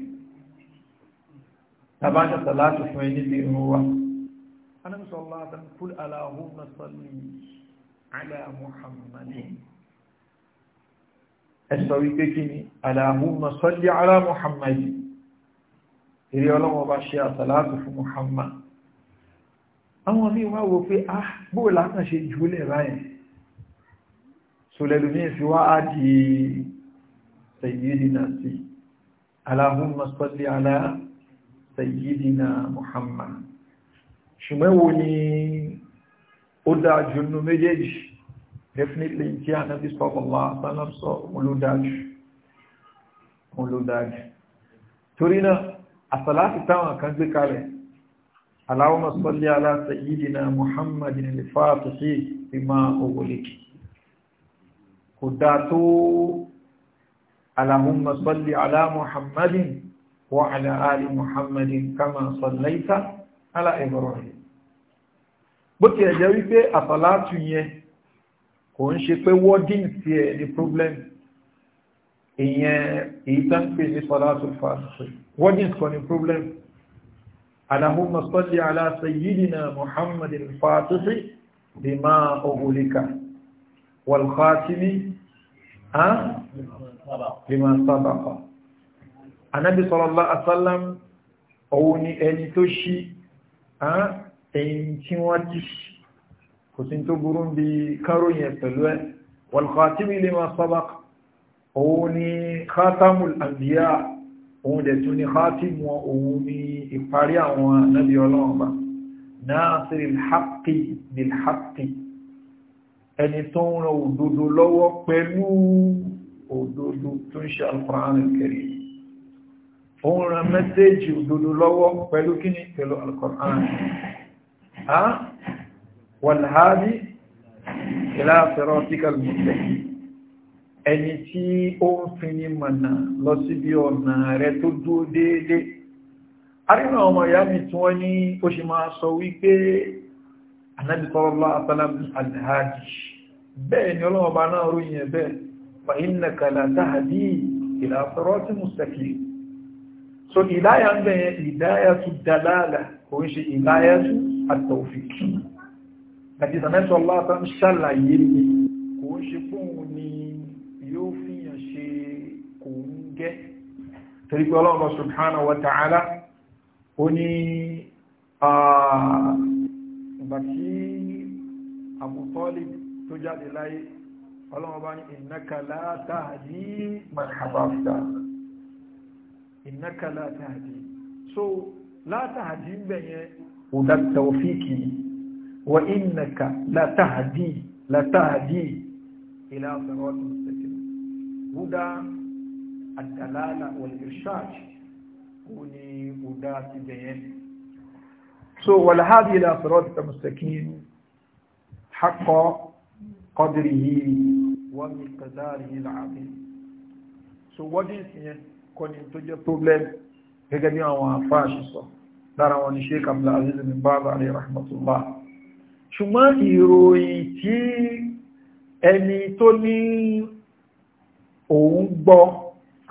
S1: tàbá ní sàlátù fún ẹ̀ níbi ìrún wa anamsọ́lá àtàn kúl aláhùnmá sọlẹ̀ àlẹ́ muhammadin ẹ̀sọ̀ wípé kí ni aláhùnmá sọlẹ̀ àlẹ́ muhammadin ìrí sọlẹ́lùmí fi wá á di sayyidina sí Allahumma salli ala sayyidina Muhammad ṣùgbọ́n wo ni ó dájú nínú méjèèjì definitely tí a náà bí sọ́kọ̀lá sánàbsọ́ olódájú olódájú torí náà àsàlátì táwọn kan gbé kalẹ̀ Allahumma salli ala sayyidina Muhammadin al-Fatihi bima ughliqa kò dá tó Allahumma salli ala Muhammadin wa ala ali Muhammadin kama sallaita ala Ibrahim bó ti ẹ̀jẹ́ wípé àsàlátù yẹn kò ń ṣe pé wọ́dín sí ẹ̀ ní problem ìyẹn èyí tán pè ní sọ́látù fàṣẹ wọ́dín kọ́ ní problem Allahumma salli ala sayyidina Muhammadin fàṣẹ bima ughliqa wal khatimi lima sábàkọ̀ anábi sallallahu alaihi wasallam òun ni ẹni tó ṣí ẹ̀yìn tí wọ́n ti kò sí tó burú bí káròyìn pẹ̀lú ẹ wal khatimi lima sábàkọ̀ òun ni khatamul anbiya òun dẹ̀ tún ni khatimu òun ni ìparí àwọn anábi ọlọ́ọ̀bá nasiril haqqi bil haqqi ẹni tó ń ran òdodo lọ́wọ́ pẹ̀lú òdodo tó ń ṣe alkùránì kẹrì ó ń ran mẹ́sẹ́jì òdodo lọ́wọ́ pẹ̀lú kí ní pẹ̀lú alkùránì ha wàlhádi ilá àfẹ́rọ tíkàl mọ̀tẹ́ ẹni tí ó ń fi ní mọ̀nà ọmọ ìyá mi tí wọ́n ní ó ṣe máa sọ wípé anábìtọ́lọ́lá àtàlámù alhádi bẹ́ẹ̀ ni ọlọ́ọ̀bá náà ròyìn ẹ̀ bẹ́ẹ̀ fa innaka la tahdi ila sirati mustaqim so ìdáyà ń bẹ̀yẹ ìdáyà tu dalala kò ń ṣe ìdáyà tu at-tawfiq àti ìsànẹ́sọ̀ látà ṣàlàyé ah, Abu Talib tó jáde láyé ọlọ́wọ́ bá ní innaka la tahdi man ahbabta innaka so la tahdi ń bẹ̀yẹn ọ̀dá tawfiki wa innaka la tahdi la tahdi ila siratin mustaqim huda ad-dalala wal so wal hadi ila siratin mustaqim qadrihi wa miqdarihi al-azim so what is yẹn kò ní tó jẹ́ problem gẹ́gẹ́ bí àwọn afáàṣì sọ lára wọn ni sheik abdulaziz bin baz alayhi rahmatullah ṣùgbọ́n ìròyìn tí ẹni tó ní òun gbọ́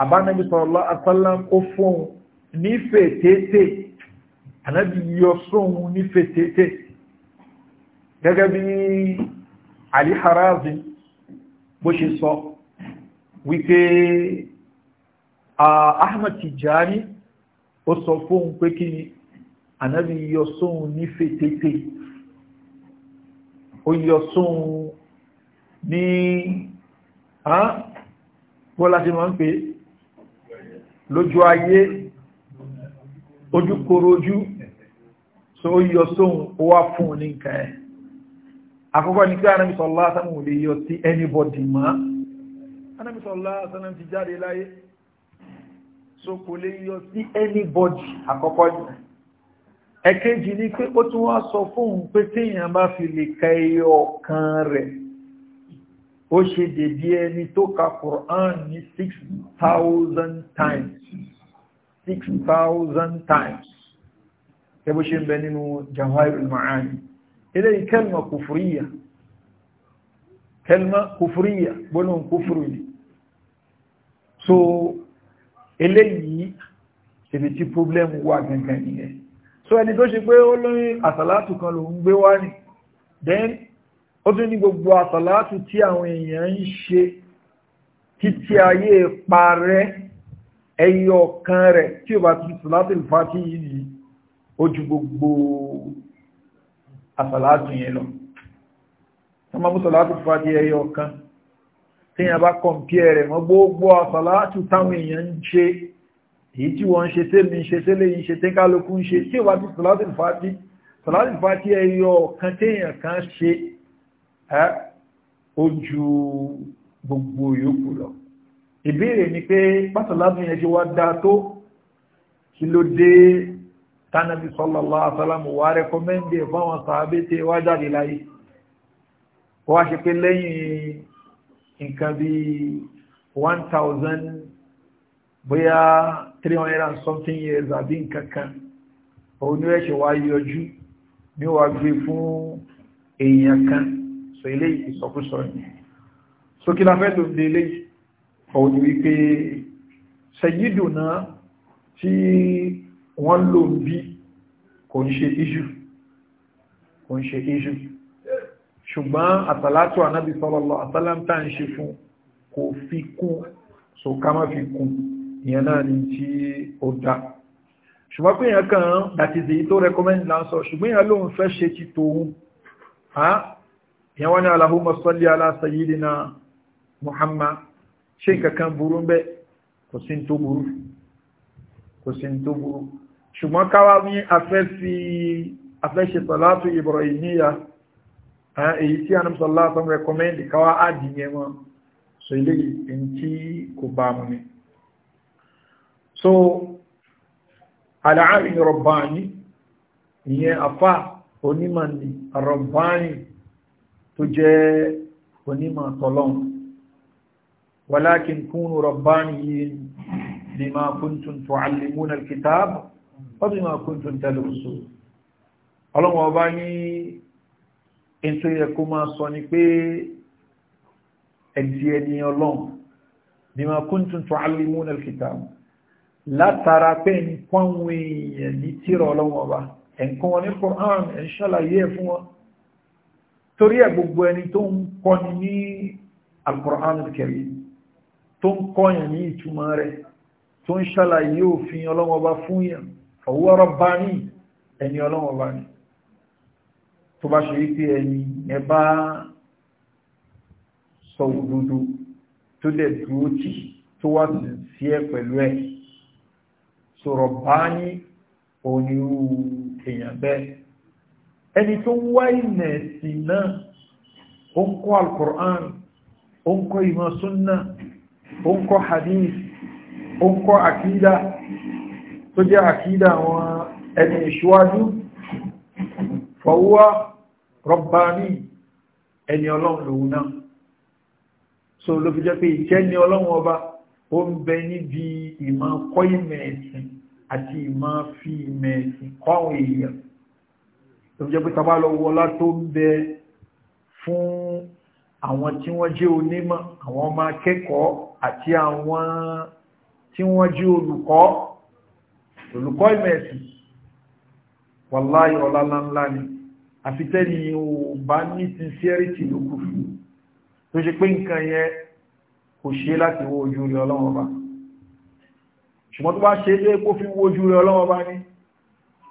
S1: àbánabi sallallahu alaihi wasallam ó fóun ní fètètè ànábì yọ sóun gẹ́gẹ́ bí Ali Harazi bó ṣe sọ wípé Ahmad Tijani ó sọ fóhun pé kí ànábi yọ sóhun ní fètètè ó yọ sóhun ní bọ́lá ti máa ń pè lójú ayé ojú kòrò ojú so ó yọ sóhun ó wá fún ní nǹkan ẹ̀ àkọ́kọ́ ní pé anábì sallallahu alaihi wasallam ò lè yọ sí anybody mọ́ anábì sallallahu alaihi wasallam ti jáde láyé so kò lè yọ sí anybody àkọ́kọ́ ní ẹ̀kejì ni pé ó tún wá sọ fóun pé téèyàn bá fi lè ka ẹyọ kan rẹ̀ ó ṣe dèbí ẹni tó ka Quran ní six thousand times six thousand times ẹ bó ṣe ń bẹ nínú Jawahirul Ma'ani eléyìí kẹlmà kùfùríyà kẹlmà kùfùríyà gbónà kùfùrù ni so eléyìí ibi tí problem wà gangan nìyẹn so ẹni tó ṣe pé ó lóyìn àsàlátù kan ló ń gbé wá then ó tún ní gbogbo àsàlátù tí àwọn èèyàn ń ṣe títí ayé parẹ́ ẹyọ kan rẹ̀ tí ó bá ti sàlátù ìfàtí yìí ó gbogbo àsàlátù yẹn lọ ọmọ mú sàlátù fàájì ẹyọ kan tí yẹn bá kọ̀m̀pìẹ̀ rẹ̀ mọ́ gbogbo àsàlátù táwọn èèyàn ń ṣe èyí tí wọ́n ń ṣe tẹ́mi ń ṣe tẹ́lẹ̀ yìí ṣe tẹ́kálukú ń ṣe tí ó bá ti sàlátù fàájì sàlátù fàájì ẹyọ kan tí èèyàn kan ṣe ó ju gbogbo yòókù lọ ìbéèrè ni pé pásàlátù yẹn ṣe wá dáa tó kí ló dé tánàbí sallallahu alaihi wasallam wà rẹ́kọ́mẹ́ndì fáwọn sàábé tí wá jáde láyé ó wá ṣe pé lẹ́yìn nǹkan bí 1000 bóyá 300 and something years àbí nǹkan kan òun ni ẹ̀ṣẹ̀ wá yọjú ní wà gbé fún èèyàn kan sọ ilé ìsọkúsọ ni sókí la fẹ́ ń délé òun ni wípé sayyiduna tí wọ́n lò ń bí kò ń ṣe iṣu kò ń ṣe iṣu ṣùgbọ́n àtàlátò ànábì sọ́lọ́lọ́ àtàlámtà ń ṣe fún kò fi kún so ká má fi kún ìyẹn náà ni tí ó dá ṣùgbọ́n pé èèyàn kan dàtìsí tó recommend láńsọ ṣùgbọ́n èèyàn ló ń fẹ́ ṣe ti tòun ìyẹn wọ́n ní Allahumma salli ala sayyidina Muhammad ṣe nǹkan kan burú ń bẹ́ kò sí ní tó burú kò sí ní tó burú ṣùgbọ́n káwá ní afẹ́ṣe sọ̀látù Ibrahimiyya èyí tí a nìmsọ̀ látọ̀ rẹ̀kọ́mẹ́ndì káwá àdìyẹ wọn so ilé ìpín tí kò bá mú ni so aláàrin rọ̀báni ìyẹn afá onímọ̀ ni rọ̀báni tó jẹ́ onímọ̀ tọ́lọ́n walakin kúnnù rọ̀báni yìí lima kuntum tu'allimuna al-kitab wọ́n ti máa kó tó ń tẹ́lẹ̀ oṣù ọlọ́wọ́n ọba ní ètò yẹ kó máa sọ ni pé ẹ̀dì ẹni ọlọ́run bí máa kó tó ń tọ́ allimuna al-kitab látara pé ń pọ́nwó èèyàn ní tírà ọlọ́wọ́n ọba ẹ̀ǹkan wọn ní Qur'an ẹ̀ ń ṣàlàyé ẹ̀ fún wọn torí ẹ̀ gbogbo ẹni tó ń kọ́ni ní al-Qur'an tó ń kọ́yàn ní ìtumọ̀ rẹ̀ tó ń ṣàlàyé òfin ọlọ́wọ́n ọba fún yàn fahuwa rabbani ẹni ọlọ́wọ́ bá ní tó bá ṣe wípé ẹni ẹ bá sọ òdodo tó dẹ̀ dúró tì tó wá sí ẹ pẹ̀lú ẹ so rabbani onírú èèyàn bẹ́ẹ̀ ẹni tó wá ìmẹ̀ sí náà ó ń kọ́ al ó ń kọ́ ìmọ̀ súnnà ó ń kọ́ hadith ó ń kọ́ àkídà tó jẹ́ àkídà àwọn ẹni ìṣíwájú fọwọ́ rọ̀bání ẹni ọlọ́run lòun náà so ló fi jẹ́ pé ìjẹ́ ni ọlọ́run ọba ó ń bẹ níbi ìmọ̀ kọ́ ìmẹ̀ ẹ̀sìn àti ìmọ̀ fi ìmẹ̀ ẹ̀sìn kọ́ àwọn èèyàn ló fi jẹ́ pé tabá lọ wọlá tó ń bẹ fún àwọn tí wọ́n jẹ́ onímọ̀ àwọn ọmọ akẹ́kọ̀ọ́ àti àwọn tí wọ́n jẹ́ olùkọ́ olùkọ́ ìmẹ̀ẹ̀sì wàláyé ọlálánlá ni àfitẹ́ni ò bá ní sincerity ló kù fún tó ṣe pé nǹkan yẹn kò ṣe láti wo ojú rẹ ọlọ́wọ́n bá ṣùgbọ́n tó bá ṣe é kó fi wo ojú rẹ ọlọ́wọ́n bá ní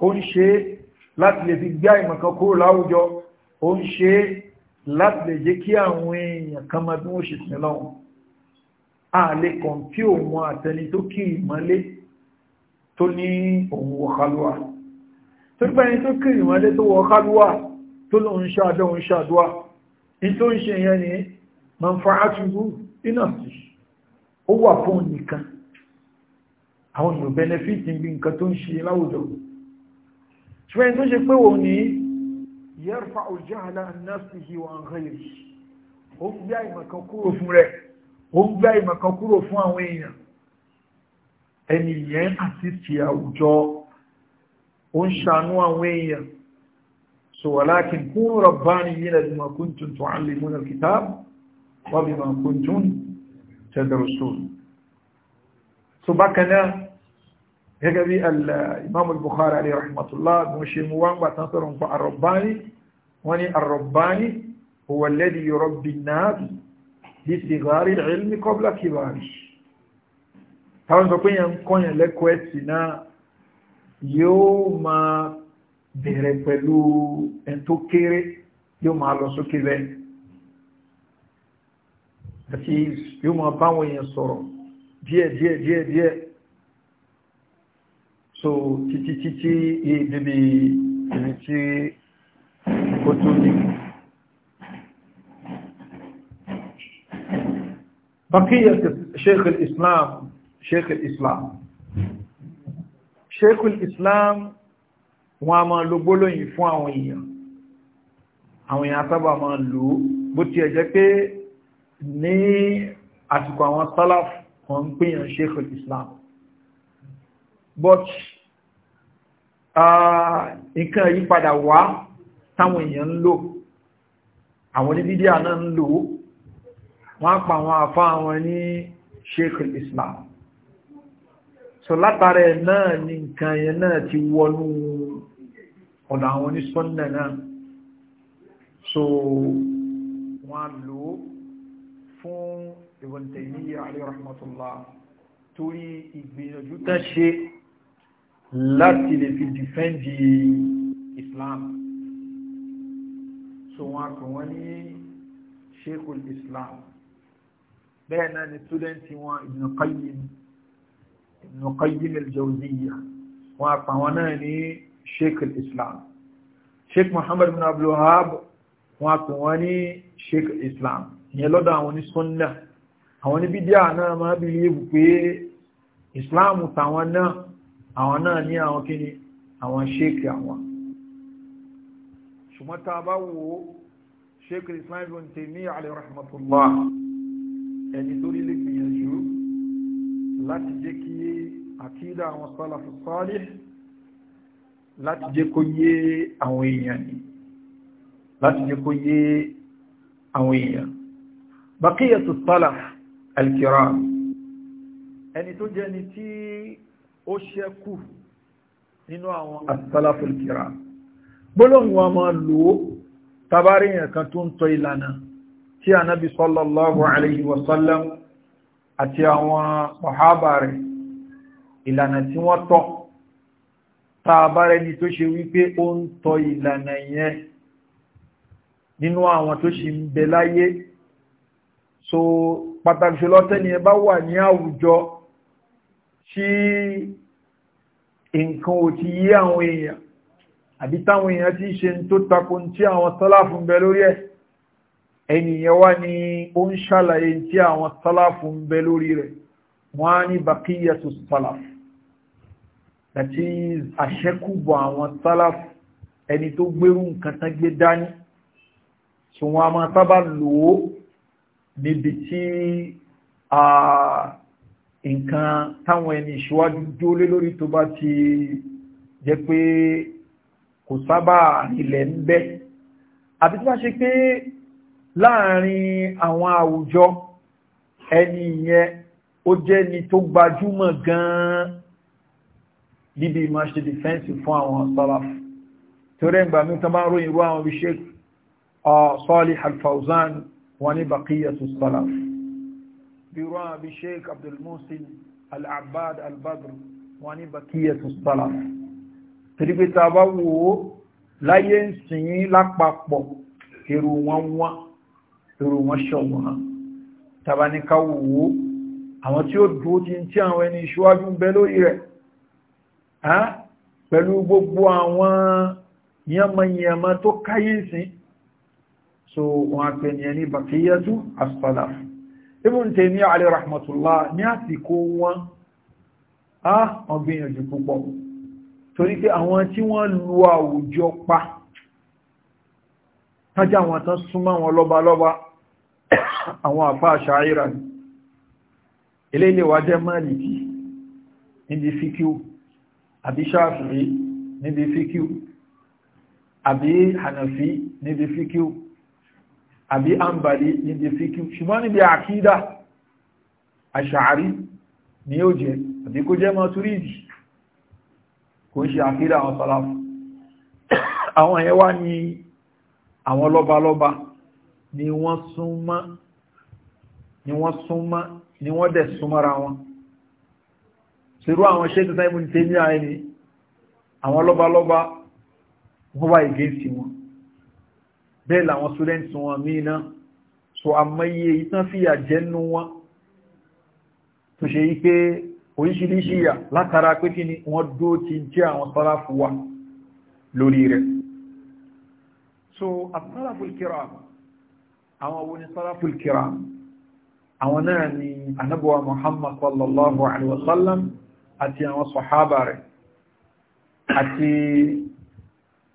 S1: ó ń ṣe láti lè fi gbá ìmọ̀kan kúrò láwùjọ ó ń ṣe láti lè jẹ́ kí àwọn èèyàn kan máa bí wọ́n ṣe sìn lọ́wọ́ a lè kàn tí òun àtẹni tó kí ìmọ́lé tó ní òun wọ̀kálúwà tó gbá ẹni tó kìrì mọ́lé tó wọ̀kálúwà tó lọ ń ṣàdọ́ ń in tó ń ṣe yẹn ni ma ń fa átúrú iná sí ó wà fún nìkan àwọn èèyàn bẹnẹfíìtì bí nǹkan tó ń ṣe láwùjọ ṣùgbọ́n tó ṣe pé òun ní yẹ́rfà òjò àlà nafsihi wa ń rẹ̀ ó ń gbá ìmọ̀ kúrò fún àwọn èèyàn ẹni yẹn àti fi àwùjọ ó ń ṣàánú àwọn èèyàn so walakin kunu rabbaniyina bima kuntum tuallimuna alkitab wa bima kuntum tadrusun so bákanáà gẹ́gẹ́ bí al-imam al-bukhari alayhi rahmatullah bí wọ́n ṣe mú wá ń wọ́n ní ar-rabbani huwa alladhi yurabbi an-nas bi sighari al-ilmi qabla táwọn sọ pé yẹn ń kọ́yàn lẹ́kọ̀ọ́ ẹ̀sìn náà yóò máa bẹ̀rẹ̀ pẹ̀lú ẹni tó kéré yóò máa lọ sókè bẹ́ẹ̀ àti yóò máa báwọn èèyàn sọ̀rọ̀ díẹ̀ díẹ̀ díẹ̀ díẹ̀ so títí títí ìdíbi ìrìn tí ó tó ní بقية شيخ الإسلام sheikh islam sheikh islam wọn a máa lo gbólóyìn fún àwọn èèyàn àwọn èèyàn sábà máa lò ó bó ti ẹ̀ jẹ́ pé ní àsìkò àwọn salaf wọn ń pèèyàn sheikh islam but nǹkan yí padà wá táwọn èèyàn ń lò àwọn oníbídíà náà ń lò wọ́n pa àwọn àfá àwọn ní sheikh islam so látara ẹ̀ náà ni nǹkan yẹn náà ti wọnú ọ̀dọ̀ àwọn onísọ́nà náà so wọ́n lò ó fún Ibn Taymiyyah alayhi rahmatullah torí ìgbìyànjú tá ṣe láti lè fi dìfẹ́ǹdì Islam so wọ́n kò wọ́n ní Sheikhul Islam bẹ́ẹ̀ náà ni túdẹ́ǹtì wọn Ibn Qayyim Ibn Qayyim al-Jawziyya wọ́n apá wọn náà ní sheikh islam sheikh Muhammad bin Abdul Wahhab wọ́n apá wọn ní sheikh islam ìyẹn lọ́dọ̀ àwọn ní sunna àwọn ní bídíà náà máa bí léwu pé islam tàwọn náà àwọn náà ní àwọn kíni àwọn sheikh àwọn ṣùgbọ́n tá a bá wo sheikh islam ibn Taymiyyah alayhi rahmatullah ẹni tó rí lè gbìyànjú láti jẹ́ kí àkídà àwọn sálàfù sálíhì láti jẹ́ kó yé àwọn èèyàn ni láti jẹ́ kó yé àwọn èèyàn baqiyatu salaf al-kiram ẹni tó jẹ́ ni tí ó ṣẹ́kù nínú àwọn as-salaf al-kiram lò ó tabaríyàn tó ń tọ ìlànà tí anábi sallallahu àti àwọn ọ̀hábà rẹ̀ ìlànà tí wọ́n tọ́ ta bára ẹni tó ṣe wípé ó ń tọ ìlànà yẹn nínú àwọn tó ṣe ń bẹ láyé so pàtàkì ṣùlọ tẹ́ni ẹ bá wà ní àwùjọ tí nǹkan ò ti yé àwọn èèyàn àbí táwọn èèyàn ti ṣe tó takun tí àwọn tọ́lá fún bẹ lórí ẹ̀ ẹniyàn wá ní ó ń ṣàlàyé tí àwọn sálàfù ń bẹ lórí rẹ̀ wọ́n á ní bàkíyàtù sálàfù that is àṣẹ́kùbọ̀ àwọn sálàfù ẹni tó gbérú nǹkan tán gbé dání tí wọ́n a máa sábà lò ó níbi tí nǹkan táwọn ẹni ìṣíwájú jólé lórí tó bá ti jẹ́ pé kò sábà ilẹ̀ ń bẹ àti tó bá ṣe pé láàrin àwọn àwùjọ ẹni ìyẹn ó jẹ́ ni tó gbajúmọ̀ gan-an níbi ìmọ̀ ṣe dìfẹ́ǹsì fún àwọn sọ́láfù torí ẹgbà mi tán bá ń ròyìn rú àwọn bíṣẹ́ Salih Al-Fawzan wọn ní baqiyatu sọ́láfù Al-Abbad Al-Badr wọn ní baqiyatu sọ́láfù torí pé ta bá wò ó láyé èrò wọn wọn irú wọn ṣọ̀wọ́ tàbá ní káwòwó àwọn tí ó dúó ti ń tí àwọn ẹni ìṣíwájú ń bẹ lórí rẹ̀ pẹ̀lú gbogbo àwọn yánmọ̀yánmọ̀ tó káyé sí so wọn àpẹni ẹni bàkíyàtú asfalaf Ibn Taymiyyah alayhi rahmatullah ní àsìkò wọn á ọgbìyànjú púpọ̀ torí pé àwọn tí wọ́n lu àwùjọ pa tájá àwọn tán súnmọ́ wọn lọ́balọ́ba àwọn àfá àṣàíra ni ilé ilé wa jẹ́ Málìkì níbi fíkíù àbí Ṣáfi'í níbi fíkíù àbí Hànàfí níbi fíkíù àbí Àǹbàlì níbi fíkíù ṣùgbọ́n níbi àkídà àṣàárí ni ó jẹ́ àbí kó jẹ́ Mátúrídì kò ń ṣe àkídà àwọn sàláfù àwọn ẹ̀yẹ wá ní àwọn lọ́balọ́ba ni wọ́n sún ni wọ́n ni wọ́n dẹ̀ súnmọ́ra wọn ṣerú àwọn ṣẹ́kì sáìmù tẹ́ ní àìní àwọn lọ́balọ́ba wọ́n wá ìgéǹsì wọn bẹ́ẹ̀ làwọn students wọn míì náà so àmọ́yé ìtàn fìyà jẹ́nu wọn tó ṣe yí pé oríṣiríṣi ìyà látara pé kí ni wọ́n dó ti jẹ́ àwọn sàláfù wa lórí rẹ̀ so àtàràfù ìkìrà àwọn wo ni àwọn náà ni anábọ̀wà Muhammad sallallahu alaihi wasallam àti àwọn sọ̀hábà rẹ̀ àti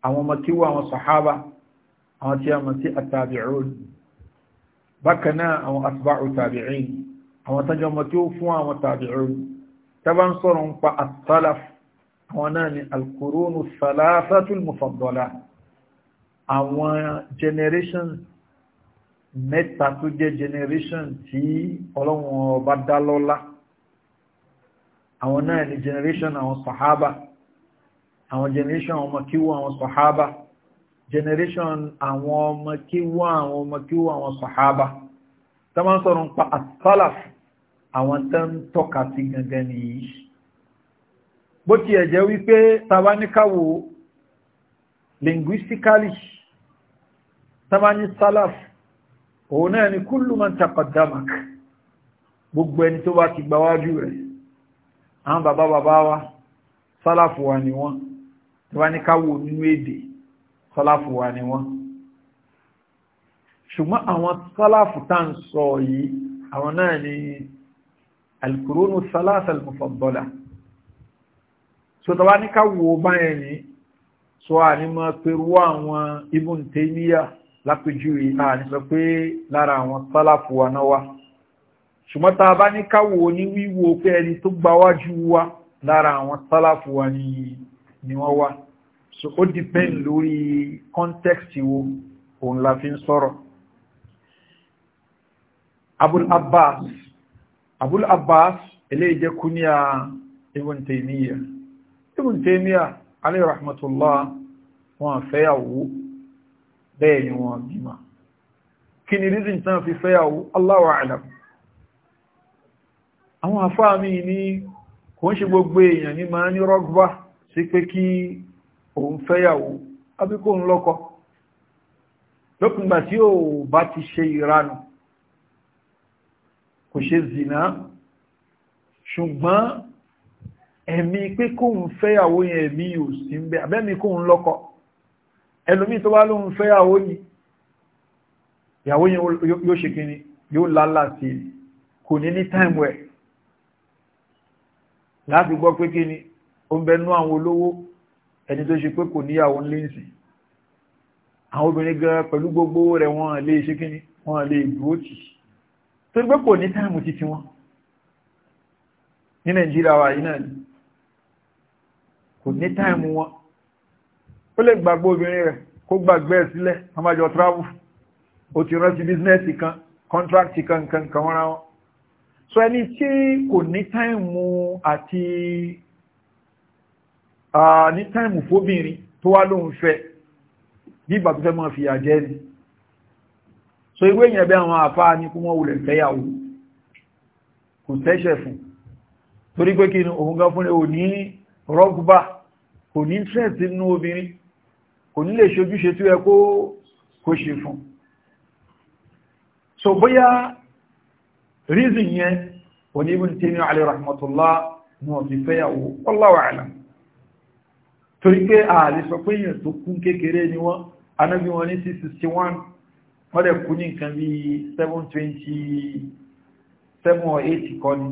S1: àwọn makíwà àwọn sọ̀hábà àwọn tí a mọ̀ sí àtàbí'un bákanáà àwọn asbá'u tàbí'in àwọn tánjọ makíwà fún àwọn tàbí'un tàbá sọ̀rọ̀ ń pa as àwọn náà ni al-qurunu thalathatul àwọn generations mẹ́ta tó jẹ́ generation tí ọlọ́wọ́n ọba dá lọ́lá àwọn náà ni generation àwọn sahaba àwọn generation ọmọ kíwọ́ àwọn sahaba generation àwọn ọmọ kíwọ́ àwọn ọmọ kíwọ́ àwọn sahaba tó máa sọ̀rọ̀ ń pa as-salaf àwọn tó ń tọ́ka sí gangan nìyí bó ti ẹ̀ jẹ́ wípé tabaníkàwò linguistically tabani salaf òun náà ni kullu man taqaddamak gbogbo ẹni tó bá ti gbáwájú rẹ̀ àwọn bàbá bàbá wa sálàfù wa ni wọ́n tí wá ní káwò nínú èdè sálàfù wa ni wọ́n ṣùgbọ́n àwọn sálàfù tá ń sọ yìí àwọn náà ni alkùrónù sálàfù almufaddala so tó ní káwò báyẹn ni so a ní pẹ̀rú àwọn ibùn tèmíyà lápéjúwe àní sọ pé lára àwọn sálàfù wa náà wá ṣùgbọ́n tá a bá ní káwò ní wíwo pé ẹni tó gbáwájú wa lára àwọn sálàfù wa ni wọ́n wá so ó depend lórí context wo òun la fi ń sọ̀rọ̀ abul abbas abul abbas eléyìí jẹ́ kúníyà ibn taymiya ibn taymiya alayhi rahmatullah wọn fẹ́yàwó bẹ́ẹ̀ ni wọ́n bímọ kí ni reason tán fi fẹ́yàwó Allahu a'lam àwọn àfáàmì ní kò ń ṣe gbogbo èèyàn ní máa ní rọ́gbà sí pé kí òun fẹ́yàwó abíkò ń lọ́kọ lópingbà tí ó bá ti ṣe ìranù kò ṣe zìnà ṣùgbọ́n ẹ̀mí pé kóun fẹ́yàwó yẹn ẹ̀mí yóò sí ń bẹ abẹ́mi kóun lọ́kọ ẹlòmí tó wá lóhun fẹ́ yàwó yìí yàwó yìí yóò ṣe kíni yóò lálà sí kò ní ní táìmù ẹ̀ láti gbọ́ pé kíni o ń bẹnú àwọn olówó ẹni tó ṣe pé kò níyàwó ń léǹsì àwọn obìnrin gan pẹ̀lú gbogbo rẹ̀ wọ́n lè ṣe kíni wọ́n lè dúró tì tó gbé kò ní táìmù títí wọn ní nàìjíríà wa yìí náà kò ní táìmù wọn ó lè gbàgbé obìnrin rẹ̀ kó gbàgbé ẹ̀ sílẹ̀ wọ́n máa jọ travel ó ti rántí bísínẹ́sì kan kọ́ńtrákìtì kan nǹkan kan wọ́n ra wọn so ẹni tí kò ní táìmù àti ní táìmù fóbìnrin tó wá lóun fẹ́ bí ìgbà ni so ìwé yẹn bẹ́ àwọn àfáà ní kú wọ́n wulẹ̀ fẹ́yàwó kò tẹ́ṣẹ̀ fún torí pé kí ni òun gan fún ní rọ́gbà kò ní interest nínú obìnrin kò ní lè ṣojúṣe tí ẹ kó ṣe fún so bóyá reason yẹn wọ́n ní Ibn Taymiyyah alayhi rahmatullah ní ọ̀fí fẹ́yàwó wallahu a'lam torí pé ààrẹ sọ pé èèyàn tó kún kékeré ni wọ́n anábí wọn ní 661 wọ́n dẹ̀ kú ní nǹkan bí 727 or 8 kọ́ ni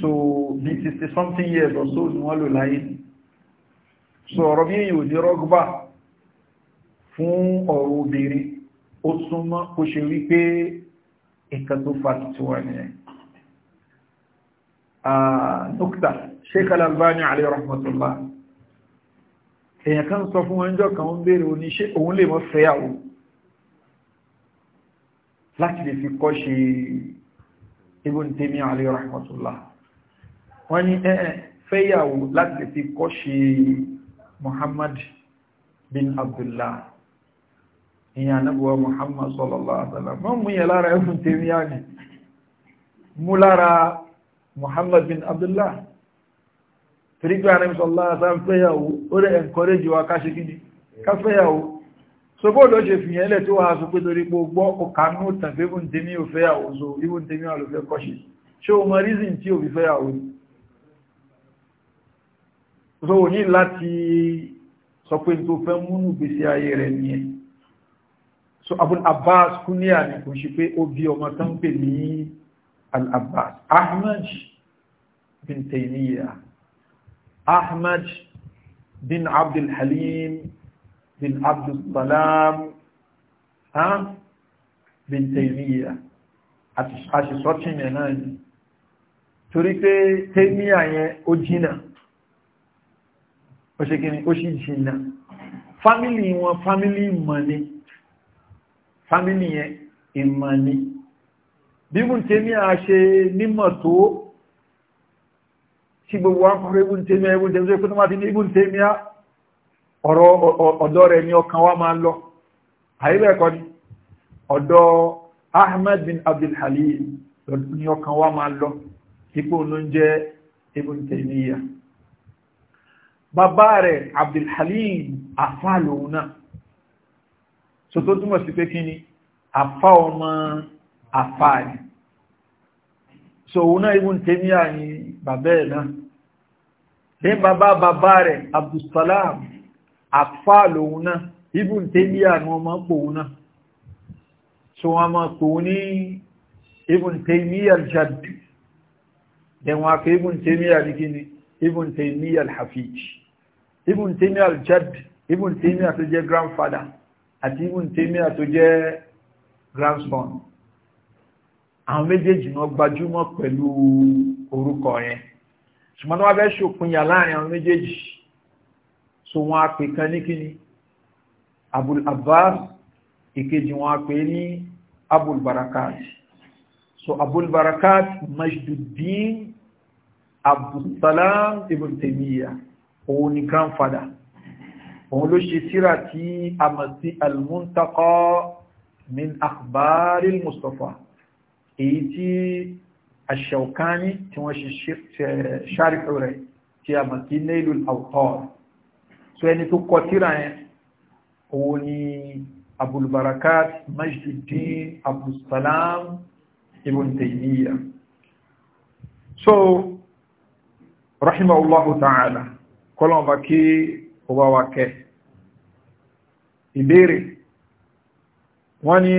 S1: so bí 60 something years or so ni wọ́n lò láyé ni sọ̀rọ̀ bí èyàn ní rọ́gbà fún ọ̀rọ̀ obìnrin ó súnmọ́ kó ṣe rí pé ìkan tó fa tuntun wà ní ẹ̀ nukta Sheikh Al-Albani alayhi rahmatullah èyàn kan sọ fún ẹjọ́ kan ń bèèrè oníṣẹ́ òun lè mọ́ fẹ́yàwó láti lè fi kọ́ ṣe Ibn Taymiyyah alayhi rahmatullah wọ́n ní ẹ̀ẹ́ eh, eh, fẹ́yàwó láti lè fi kọ́ ṣe muhammad bin abdullah ìyẹn anábùwà muhammad sallallahu alaihi wasallam mọ́ mú yẹ lára ẹ̀fún tèmi yá ni mú lára muhammad bin abdullah torí pé àrẹ sallallahu alaihi wasallam fẹ́yàwó ó rẹ̀ encourage wa ká ṣe gidi ká fẹ́yàwó sọgbọ́ ló ṣe fìyàn ilẹ̀ tó wà sọ pé torí pé gbọ́ ọkànú tàbí ibùn tèmi ò fẹ́yàwó so ibùn wà ló fẹ́ kọ́ṣe ṣe o mọ̀ reason tí ò fi fẹ́yàwó so o ní láti sọ pé tó fẹ́ múnú gbèsè ayé rẹ̀ ní ẹ̀ so abul abbas kúníà ní kò ṣe pé ó bí ọmọ tán pè ní al-abbas ahmad bin taymiya ahmad bin abdul halim bin abdul salam ha bin taymiya àti àṣìṣọ́tìmẹ̀ náà ni torí pé taymiya yẹn ó jìnà ó ṣe kíni ó ṣì jìnà fámílì wọn fámílì ìmọ̀ ni fámílì yẹn ìmọ̀ ni bí mú tèmi à ṣe nímọ̀ tó tí gbogbo wọn kọ̀rọ̀ ibùn tèmi à ibùn tèmi tó kúnnà máa ti ní ibùn ọ̀rọ̀ ọ̀dọ́ rẹ̀ ni ọkàn wa máa lọ àyíbẹ̀ẹ̀kọ́ ni ọ̀dọ́ Ahmad bin Abdul Halim ni ọkàn wa máa lọ ipò ló ń jẹ́ ibùn tèmi à bàbá rẹ̀ abdulhalim afá lòun náà so tó túnmọ̀ sí pé kí ni afá ọmọ afá ni so òun náà ibùn tèmíyà ni bàbá ẹ̀ náà ní bàbá bàbá rẹ̀ abdulsalam afá lòun náà ibùn tèmíyà ni wọ́n máa pò òun náà so wọ́n máa pò ní ibùn tèmíyà jad ẹ̀wọ̀n àkè ibùn tèmíyà ni kí ni ibùn tèmíyà al ibùn tèmíà al-jadd ibùn tèmíà grandfather àti ibùn tèmíà tó grandson àwọn méjèèjì náà gbajúmọ̀ pẹ̀lú orúkọ yẹn ṣùgbọ́n wọ́n fẹ́ ṣòpinya láàrin àwọn méjèèjì so wọ́n á kan ní abul abbas ìkejì wọ́n á ní abul barakat so abul barakat majduddin abdussalam ibn taymiyyah òun ni grandfather òun ló ṣe tírà tí a mọ̀ sí al-muntaqa min akhbaril mustafa èyí tí ash-shawkani tí wọ́n ṣe ṣàrífẹ́ rẹ̀ tí a mọ̀ sí nailul awtar so ẹni tó kọ tírà yẹn òun ni abulbarakat majduddin abdulsalam ibn taymiyyah so rahimahullahu ta'ala kọ́lọ̀n bá kí ó bá wa kẹ́ ìbéèrè wọ́n ni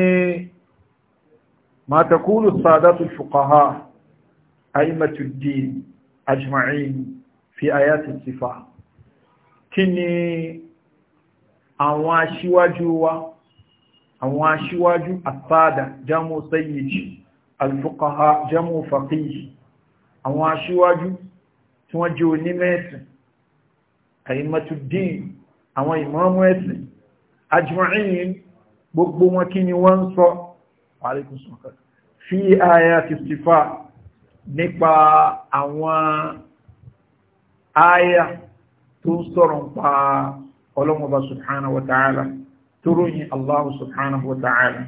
S1: ma takulu sadatu fuqaha aimatu din ajma'in fi ayati sifa kí ni àwọn aṣíwájú wa àwọn aṣíwájú asada jamu sayyid alfuqaha jamu faqih àwọn aṣíwájú tí wọ́n jẹ́ onímẹ̀sìn àyímọ́tú dín àwọn ìmọ̀ọ́mú ẹ̀sìn ajma'in gbogbo wọn kí ni wọ́n ń sọ fi àyà ti sífà nípa àwọn àyà tó ń sọ̀rọ̀ ń pa ọlọ́mọba subhanahu wa ta'ala tó ròyìn Allah subhanahu wa ta'ala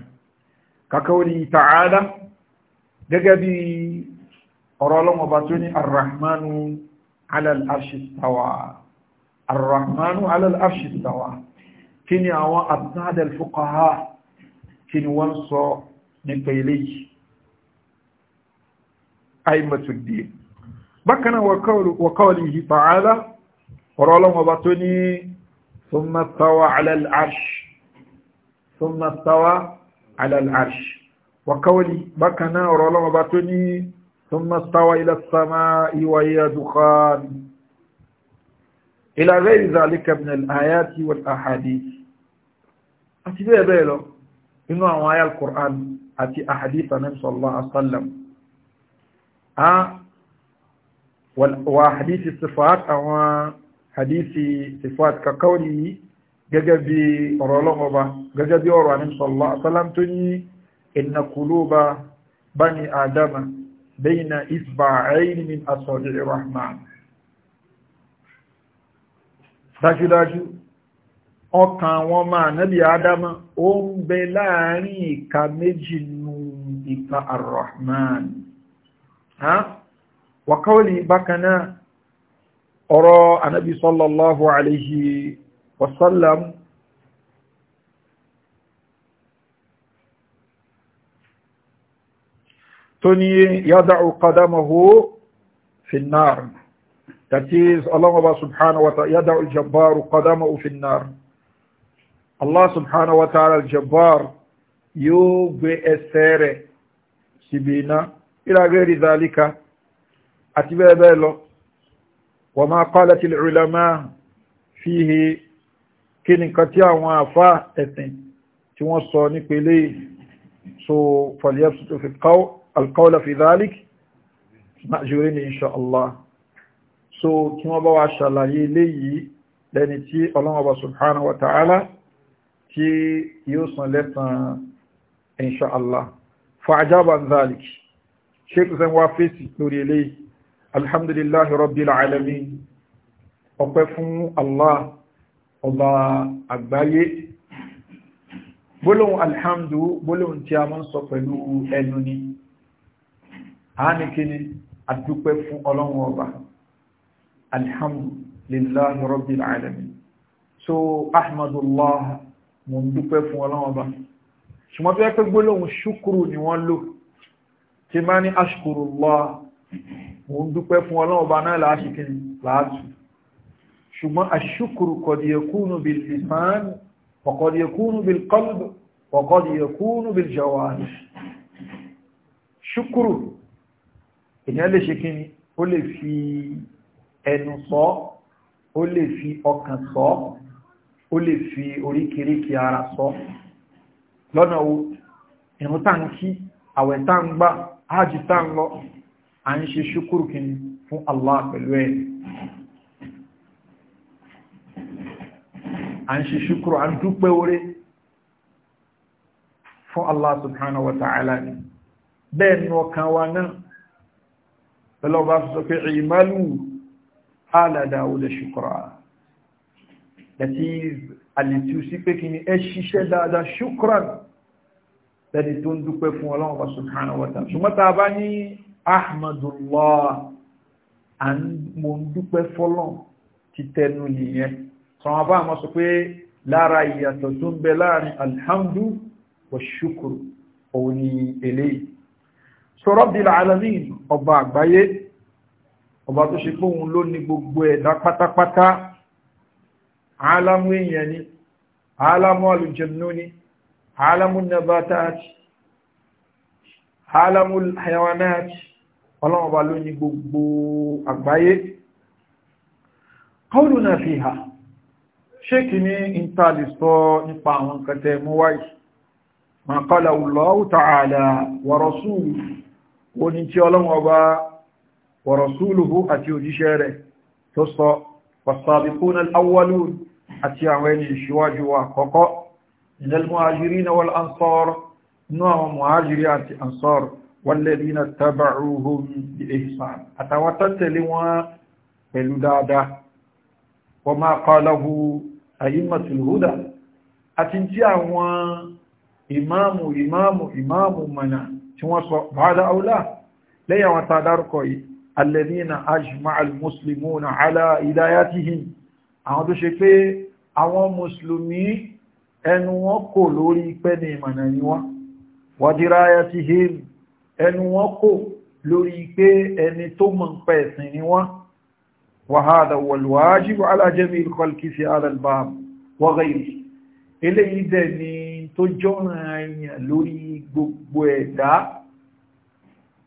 S1: kakawli ta'ala gẹ́gẹ́ bí ọ̀rọ̀ ọlọ́mọba tó ní arrahmanu alal arshi الرحمن على العرش استوى كن يعوى أبناد الفقهاء كن ونصو نقيلي أئمة الدين بكنا وقول وقوله تعالى ورولا وبطني ثم استوى على العرش ثم استوى على العرش وقولي بكنا ورولا وبطني ثم استوى إلى السماء وهي دخان ila ghairi zalika min al-ayati wal ahadith àti bẹ́ẹ̀ bẹ́ẹ̀ lọ inú àwọn ayal Qur'an àti ahadith Ànábì sallallahu alaihi wasallam a wa hadithi sifat àwọn hadithi sifat ka kauli gẹ́gẹ́ bí ọ̀rọ̀ Ọlọ́run Ọba gẹ́gẹ́ bí ọ̀rọ̀ Ànábì sallallahu alaihi wasallam tó ní inna quluba bani adama bayna isba'ayn min asabi'i rahman dájúdájú ọkàn àwọn ọmọ ànábì ádámà ó ń bẹ láàrin ìka méjì nù ìka arrahman wàkọ́lì bákaná ọ̀rọ̀ ànábì sallallahu alayhi wasallam tó ní yádá ọ̀kadàmà hó fi náà That is, Allah subhanahu wa ta'ala, yada'u al-jabbaru qadama'u fin nar. Allah subhanahu wa ta'ala al-jabbar, yóò gbé ẹsẹ̀ rẹ̀ síbi iná, ila ghairi dhalika, àti bẹ́ẹ̀ bẹ́ẹ̀ lọ. Wa ma qalat al-ulama fihi kí ni nǹkan tí àwọn àfá ẹ̀sìn tí wọ́n sọ nípele so falyabsutu fi alqawla fi dhalik, ma'jurin insha Allah. so kí wọ́n bá wa ṣàlàyé léyìí lẹ́ni tí ọlọ́wọ́ba subhanahu wa ta'ala tí yóò san lẹ́sàn inṣáàlá fa'ajaba zalik sheikh zan wa fèsì lórí eléyìí alhamdulillahi rabbil alamin ọpẹ́ fún allah ọba àgbáyé gbólóhùn alhamdu gbólóhùn tí a mọ́ sọ pẹ̀lú ẹnu ni a ní kí ni àdúpẹ́ fún ọlọ́run ọba alhamdulillahi rabbil alamin so ahmadullah mo ń dúpẹ́ fún ọlọ́wọ́n bá ṣùgbọ́n tó yẹ pé gbólóhùn ṣúkúrù ni wọ́n lò tí máa ní ashkurullah mo ń dúpẹ́ fún ọlọ́wọ́n bá náà láàṣìkí láàtù ṣùgbọ́n ashukuru qad yakunu bil lisan wa qad yakunu bil qalb wa qad yakunu bil jawarih ṣúkúrù èèyàn lè ṣe kí ni ó lè fi ẹnu sọ ó lè fi ọkàn sọ ó lè fi oríkèríkè ara sọ lọ́nà wo ìrun tá ń kí àwẹ̀ tá ń ájì tá ń lọ ń Allah pẹ̀lú ẹ̀ à ń ṣe ṣúkúrù à ń Allah subhanahu wa ta'ala ni bẹ́ẹ̀ nù ọkàn wa náà pẹ̀lú ọba sọ pé ala Dawud shukra that is alẹ́tí ó sí pé kí ni ẹ ṣiṣẹ́ dáadáa shukran tẹ́lẹ̀ tó ń dúpẹ́ fún ọlọ́run wa subhanahu wa ta'ala ṣùgbọ́n tá a bá ní ahmadullah à ń mo ń dúpẹ́ fọlọ́n ti tẹnu nìyẹn sọ̀rọ̀ bá àmọ́ sọ pé lára ìyàtọ̀ tó ń bẹ láàrin alhamdu wa shukru òun ni eléyìí so rabbil alamin ọba àgbáyé ọba tó ṣe pé òun ló ní gbogbo ẹ̀dá pátápátá alamu èèyàn ni alamu alùjẹ̀nú ni alamu nabatati alamu hayawanati ọlọ́run ọba ló ní gbogbo àgbáyé kọ́ọ̀lù náà fi hà ṣé kì ní ìntàlì sọ nípa àwọn kẹtẹ mú ma qala Allahu ta'ala wa rasuluhu oní tí ọba ورسوله أتي جشاره تصى والسابقون الأولون أتي عوين الشواج وقاقاء من المهاجرين والأنصار نوع مهاجرات أنصار والذين اتبعوهم بإحسان أتوتت لوا بلدادة وما قاله أئمة الهدى أتنتي عوان إمام إمام إمام منا تنوصى بعد أولاه ليا وتداركوا alẹ́dínà ajma al-muslimuna ala ìdáyàtìhìn àwọn tó ṣe pé àwọn mùsùlùmí ẹnu wọn kò lórí pẹ́ ní ìmọ̀nà ni wọ́n wàdíráyàtìhìn ẹnu wọn kò lórí pé ẹni tó mọ̀ ń pẹ́ ẹ̀sìn ni wọ́n wàhádà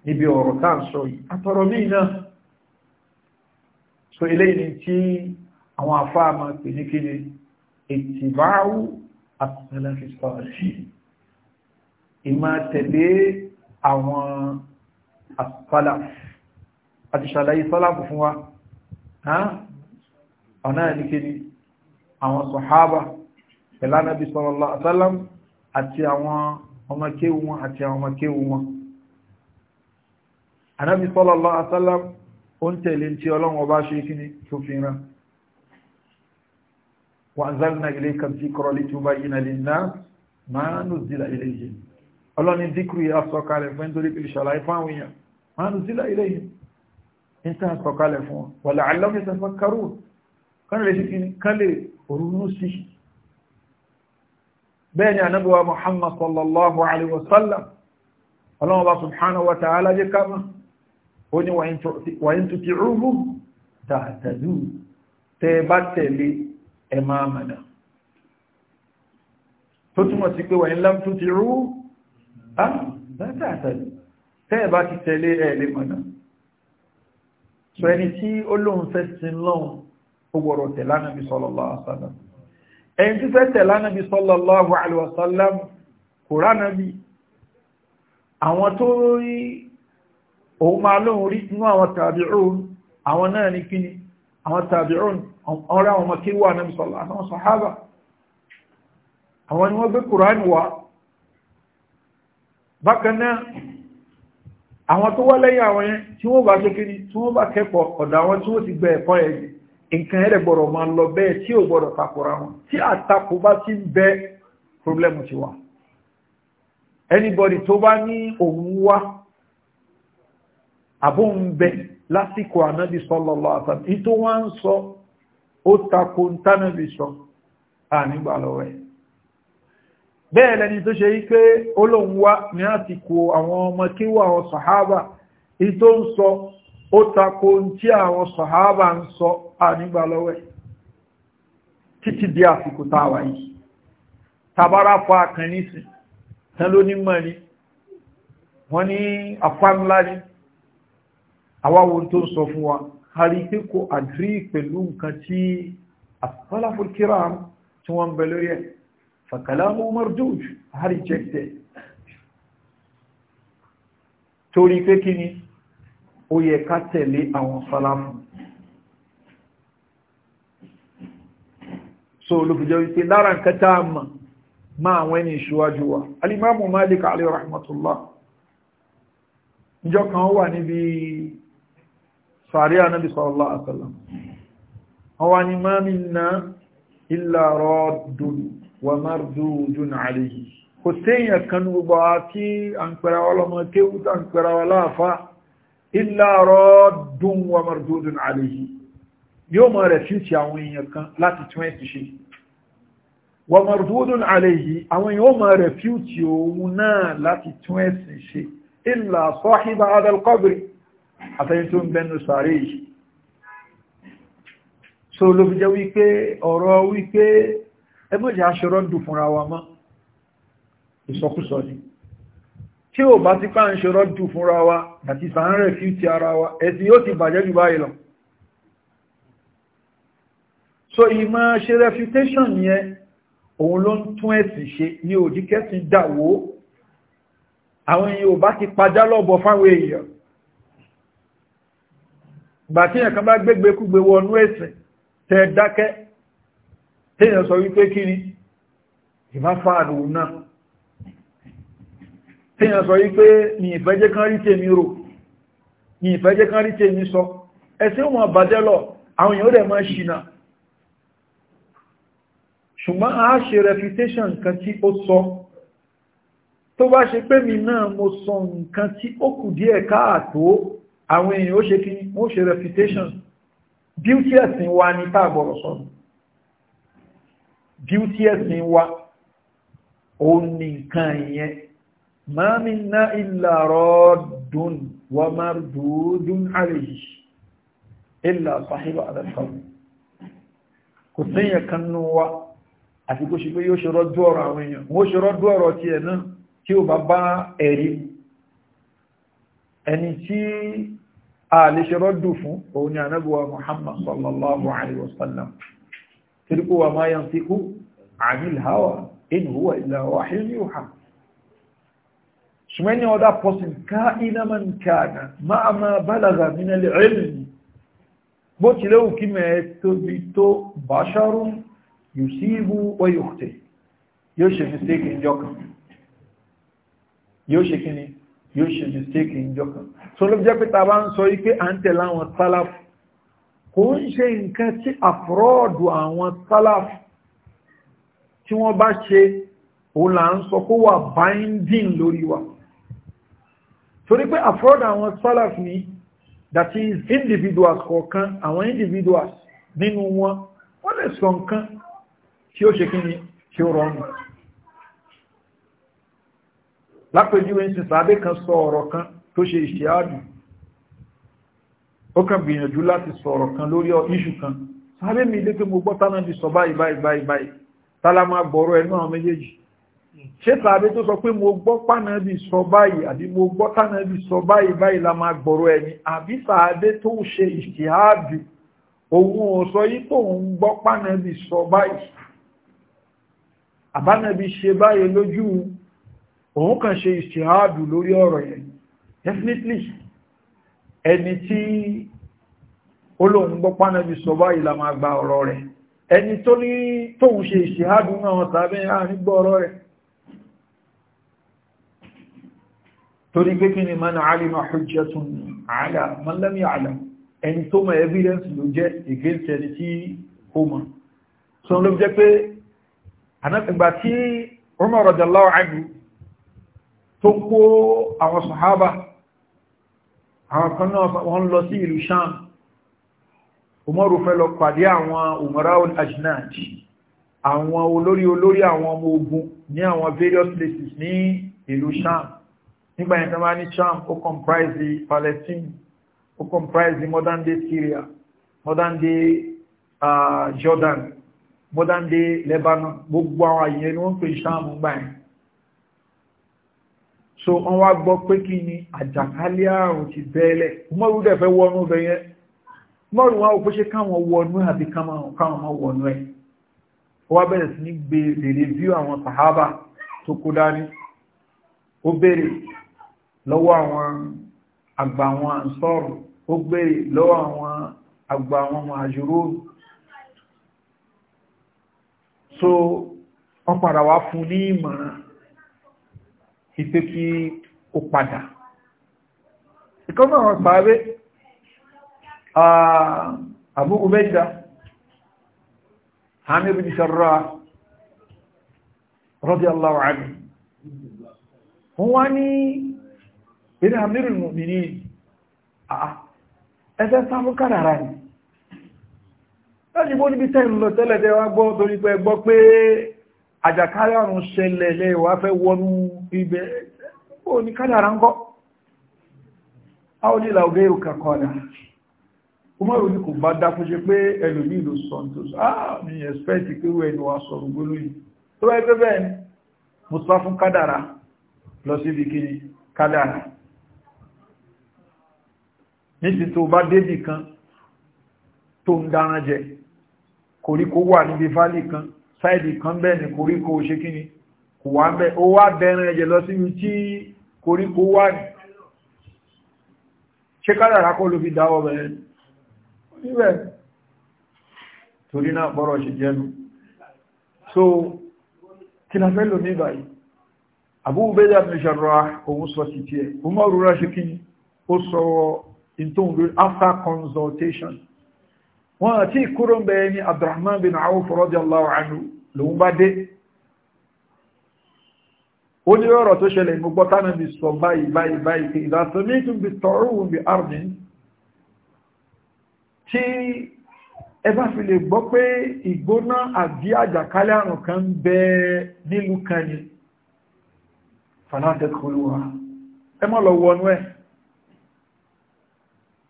S1: níbi ọ̀rọ̀ táà sọ yìí àtọ̀rọ̀ míì náà so eléyìí ni tí àwọn afáà máa pè ní kí ni ìtìbáwù àtàlàfi sọ̀rọ̀sì ìmá tẹ̀lé àwọn àtàlàfi àti ṣàlàyé sọ́làfù fún wa ọ̀nà ní kí ni àwọn sọ̀hábà pẹ̀lá náà àtàlàm àti àwọn ọmọkéwù àti àwọn ọmọkéwù anábi sallallahu alaihi wasallam ó ń tẹ̀lé tí ọlọ́run ọba ṣe kí ni tó fi rán wa anzalna ilayka dhikra litubayyina linnas ma nuzila ilayhim ọlọ́ni díkùrù yà sọ̀kalẹ̀ fún nítorí pé ìṣàlàyé fáwọn èèyàn ma nuzila ilayhim ń tàn sọ̀kalẹ̀ fún wọn wa la'allahum yatafakkarun kan lè ṣe kí ni kan lè ronú sí bẹ́ẹ̀ ni anábíwa muhammad sallallahu alaihi wasallam ọlọ́run ọba subhanahu wa ta'ala jẹ́ ká máa ó ní wàyín tó ti rúrú tààtàdù tẹ bá tẹ̀lé ẹ máa mọ̀nà tó túnmọ̀ sí pé wàyín lám tó ti rú tààtàdù tẹ bá ti tẹ̀lé ẹ lè mọ̀nà so ẹni tí ó lóun fẹ́ sin lọ́hun ó gbọ́rọ̀ tẹ̀lé Ànábì sallallahu alaihi wasallam ẹni tí àwọn tó rí òun máa lóhun rí inú àwọn tàbí'ùn àwọn náà ní kíni àwọn àwọn náà ni wọ́n gbé kùránì wá bákan àwọn tó wá lẹ́yìn àwọn yẹn tí wọ́n bá ṣe kíni tí wọ́n bá kẹ́kọ̀ọ́ ọ̀dọ̀ àwọn tí wọ́n ti ẹ̀kọ́ yẹn nǹkan ẹ̀rẹ̀ máa lọ bẹ́ẹ̀ tí ò gbọ́dọ̀ takora wọn tí ti ń bẹ problem ti wà anybody tó bá ní òun àbóǹbẹ lásìkò ànábì sọ́lọ́lọ́ àtàbí ìtò wọ́n ń sọ ó takò tánàbì sọ ànígbà lọ́wọ́ ẹ̀ bẹ́ẹ̀ lẹni tó ṣe wípé olóhun wá ní àsìkò àwọn ọmọ kíwà àwọn sàhábà ìtò ń sọ ó takò tí àwọn sàhábà ń sọ ànígbà lọ́wọ́ ẹ̀ títí di àsìkò táwà tabara fa àkànnísìn tán ló ní mọ́ ni àwáwo tó sọ fún wa a rí pé kò àdírí pẹ̀lú nǹkan tí as-salaful kiram tí wọ́n bẹ lórí ẹ̀ fa kalamu marjuj a rí jẹ́kẹ̀ torí pé kí ni ó yẹ ká tẹ̀lé àwọn salafu so olùfìjọ́ wípé lára nǹkan tá a mọ̀ máa àwọn ẹni ìṣíwájú wa alimamu malik alayhi rahmatullah ìjọ kan wà níbi sàárẹ́ anábi sallallahu alaihi wasallam ọwá ni máa mi na ilá rọ́dùn wà mardudun alayhi kò téèyàn kan gbogbo àti àǹpẹ̀rẹ̀ ọlọ́mọ kéwútà àǹpẹ̀rẹ̀ ọláàfá ilá rọ́dùn wà mardudun alayhi yóò mọ̀ rẹ̀ fíìsì àwọn èèyàn kan láti tún ẹ̀ ti ṣe wà mardudun alayhi àwọn èèyàn mọ̀ rẹ̀ fíìsì òun náà láti tún ẹ̀ sahiba adal qabri àtẹ́yìn tó ń bẹnu sàárè yìí so ló fi jẹ́ wípé ọ̀rọ̀ wípé ẹgbẹ́jẹ́ aṣọ́rọ̀ dùn fúnra wa mọ́ ìsọkúsọ ni tí ò bá ti pàà ń ṣọ́rọ̀ dùn fúnra wa àti sàárẹ̀ fi ti ara wa ẹ̀sì yóò ti bàjẹ́ jù báyìí lọ so ìmọ̀ ṣe refutation yẹn òun ló ń tún ẹ̀sìn ṣe ní òdíkẹ́sìn dàwó àwọn èèyàn ò bá ti padà lọ́bọ̀ fáwọn èèyàn gbàtíyàn kan bá gbégbé kúgbé wọnú ẹ̀sìn tẹ dákẹ́ tíyàn sọ wípé kí ni ìmáfààdù náà tíyàn sọ wípé ní ìfẹ́jẹ́ kan rí tèmi rò ní ìfẹ́jẹ́ kan rí tèmi sọ ẹ̀sìn wọn bàjẹ́ lọ àwọn èèyàn rẹ̀ máa ṣìnà ṣùgbọ́n a ṣe reputation nǹkan tí ó sọ tó bá ṣe pé mi náà mo sọ nǹkan tí ó kù díẹ̀ káàtó àwọn èèyàn ó ṣe kí wọ́n ṣe reputation beauty ẹ̀sìn wa ní tààbọ̀rọ̀ sọ́nù beauty ẹ̀sìn wa ó ní nǹkan ìyẹn ma minna illa raddun wa mardudun alayhi illa sahiba adal-qawl kò síyàn kan nú wa àti kó ṣe pé yóò ṣe rọ́dú ọ̀rọ̀ àwọn èèyàn wọ́n ṣe rọ́dú ọ̀rọ̀ tiẹ̀ náà tí ó bá bá ẹ̀rí ẹni tí a lè ṣe rọ́dù fún òun ni anábíwa muhammad sallallahu alaihi wasallam tíríkú wa máa yàn sí kú àmìl hawa in huwa illa wahyu yuha ṣùgbọ́n ni ọdá pọ̀sìn ká iná man kana máa máa balaga min al-ilm bó tilẹ̀ òkí mẹ́ tóbi tó yóò ṣe mistake ìjọ yóò ṣe mistake ìjọ kan so ló jẹ́ pé ta bá ń sọ wípé à ń tẹ̀lé àwọn salaf kò ń ṣe nǹkan tí àfúrọ́ọ̀dù àwọn salaf tí wọ́n bá ṣe òun là ń sọ kó wà binding lórí wa torí pé àfúrọ́ọ̀dù àwọn salaf ni that is individuals kọ̀ọ̀kan àwọn individuals nínú wọn wọ́n lè sọ nǹkan tí ó ṣe kí ni tí ó rọrùn lápẹjúwe ń sin sàábé kan sọ ọ̀rọ̀ kan tó ṣe ìṣẹ́àdù ó kàn gbìyànjú láti sọ ọ̀rọ̀ kan lórí iṣu kan sàábé mi lé pé mo gbọ́ tánà di sọ báyìí báyìí báyìí báyìí tálá máa gbọ́rọ̀ ẹnu àwọn méjèèjì ṣé sàábé tó sọ pé mo gbọ́ pánà bí sọ báyìí àbí mo gbọ́ tánà bí sọ báyìí báyìí la máa gbọ́rọ̀ ẹni àbí sàábé tó ṣe ìṣẹ́àdù òun ò sọ yí tóun gbọ́ pánà bí sọ báyìí àbánàbí ṣe báyìí lójú òun kàn ṣe ìṣẹ́hádù lórí ọ̀rọ̀ yẹn definitely ẹni tí olóhun gbọ́ pánàbí sọ báyìí la máa gba ọ̀rọ̀ rẹ̀ ẹni tó ní tóhun ṣe ìṣẹ́hádù náà tàbí àárín gbọ́ ọ̀rọ̀ rẹ̀ torí pé kí ni man alima hujjatun ala man evidence ló jẹ́ against ẹni tí ó mọ̀ sọ ló tó kó àwọn sàhábà àwọn kan náà wọ́n lọ sí ìlú sham umaru fẹ́ lọ pàdé àwọn umarau ajnaj àwọn olórí olórí àwọn ọmọ ogun ní àwọn various places ní ìlú sham nígbà yẹn tánwà ní sham ó comprise palestine ó comprise modern day syria modern day uh, jordan modern day lebanon gbogbo àwọn àyẹ̀yẹ́ ni wọ́n pè sham gbà so wọ́n wá gbọ́ pé kí ni àjàkálẹ̀ àrùn ti bẹ́ẹ̀lẹ̀ mọ́rù dẹ̀ fẹ́ wọnú bẹ̀ yẹn mọ́rù wọn ò pé ṣe káwọn wọnú àbí káwọn má wọnú ẹ̀ ó wá bẹ̀rẹ̀ sí ní gbé lèrè bí àwọn sàhábà tó kó dání ó béèrè lọ́wọ́ àwọn àgbà àwọn àǹsọ́rù ó béèrè lọ́wọ́ àwọn àgbà àwọn àjòrò so wọ́n padà wá fún ní ìmọ̀ràn ìpé kí ó padà ìkọ́nà àwọn sàárè Abu Ubayda Amir bin Sharrah radiyallahu anhu wọ́n wá ní ilé Amirul Mu'minin ẹ̀fẹ́ sáfúkàrà rà ní láti bó níbi tẹ́ ìlú lọ tẹ́lẹ̀ gbọ́ torípẹ́ gbọ́ pé àjàkálẹ̀ àrùn ṣẹlẹ̀ lẹ́wà fẹ́ wọnú ibẹ̀ ó ní kádàrá ń gọ́ áwọn nílà ogé òkà kọ́dà kúmọ̀rún ní kò bá dákú ṣe pé ẹlòmí ìlú sọ tó ah, sọ áà ní ẹ̀spẹ́ẹ̀tì pé wọ́n tó bá débì kan tó ń dáran jẹ koríko wà níbi fálì kan sáìdì kan bẹ́ẹ̀ ni koríko ṣe kí ni kò wá bẹ́ ó wá bẹ̀rẹ̀ ẹ̀jẹ̀ lọ sí mi tí koríko wà ní ṣe kádàrá kó ló fi dáwọ́ bẹ̀rẹ̀ níbẹ̀ torí náà bọ́rọ̀ ṣe jẹ́nu so kí la fẹ́ lò ní báyìí àbúrú bẹ́ẹ̀ ní ṣàrọ̀ òun sọ sí after consultation wọ́n àti ìkúrò ń bẹ̀ẹ́ ní abdurrahman bin awuf radiyallahu anhu lòun bá dé ó ní ọ̀rọ̀ tó ṣẹlẹ̀ mú bí sọ báyìí báyìí báyìí tí ìdásọ́mítún bí bí ardín lọ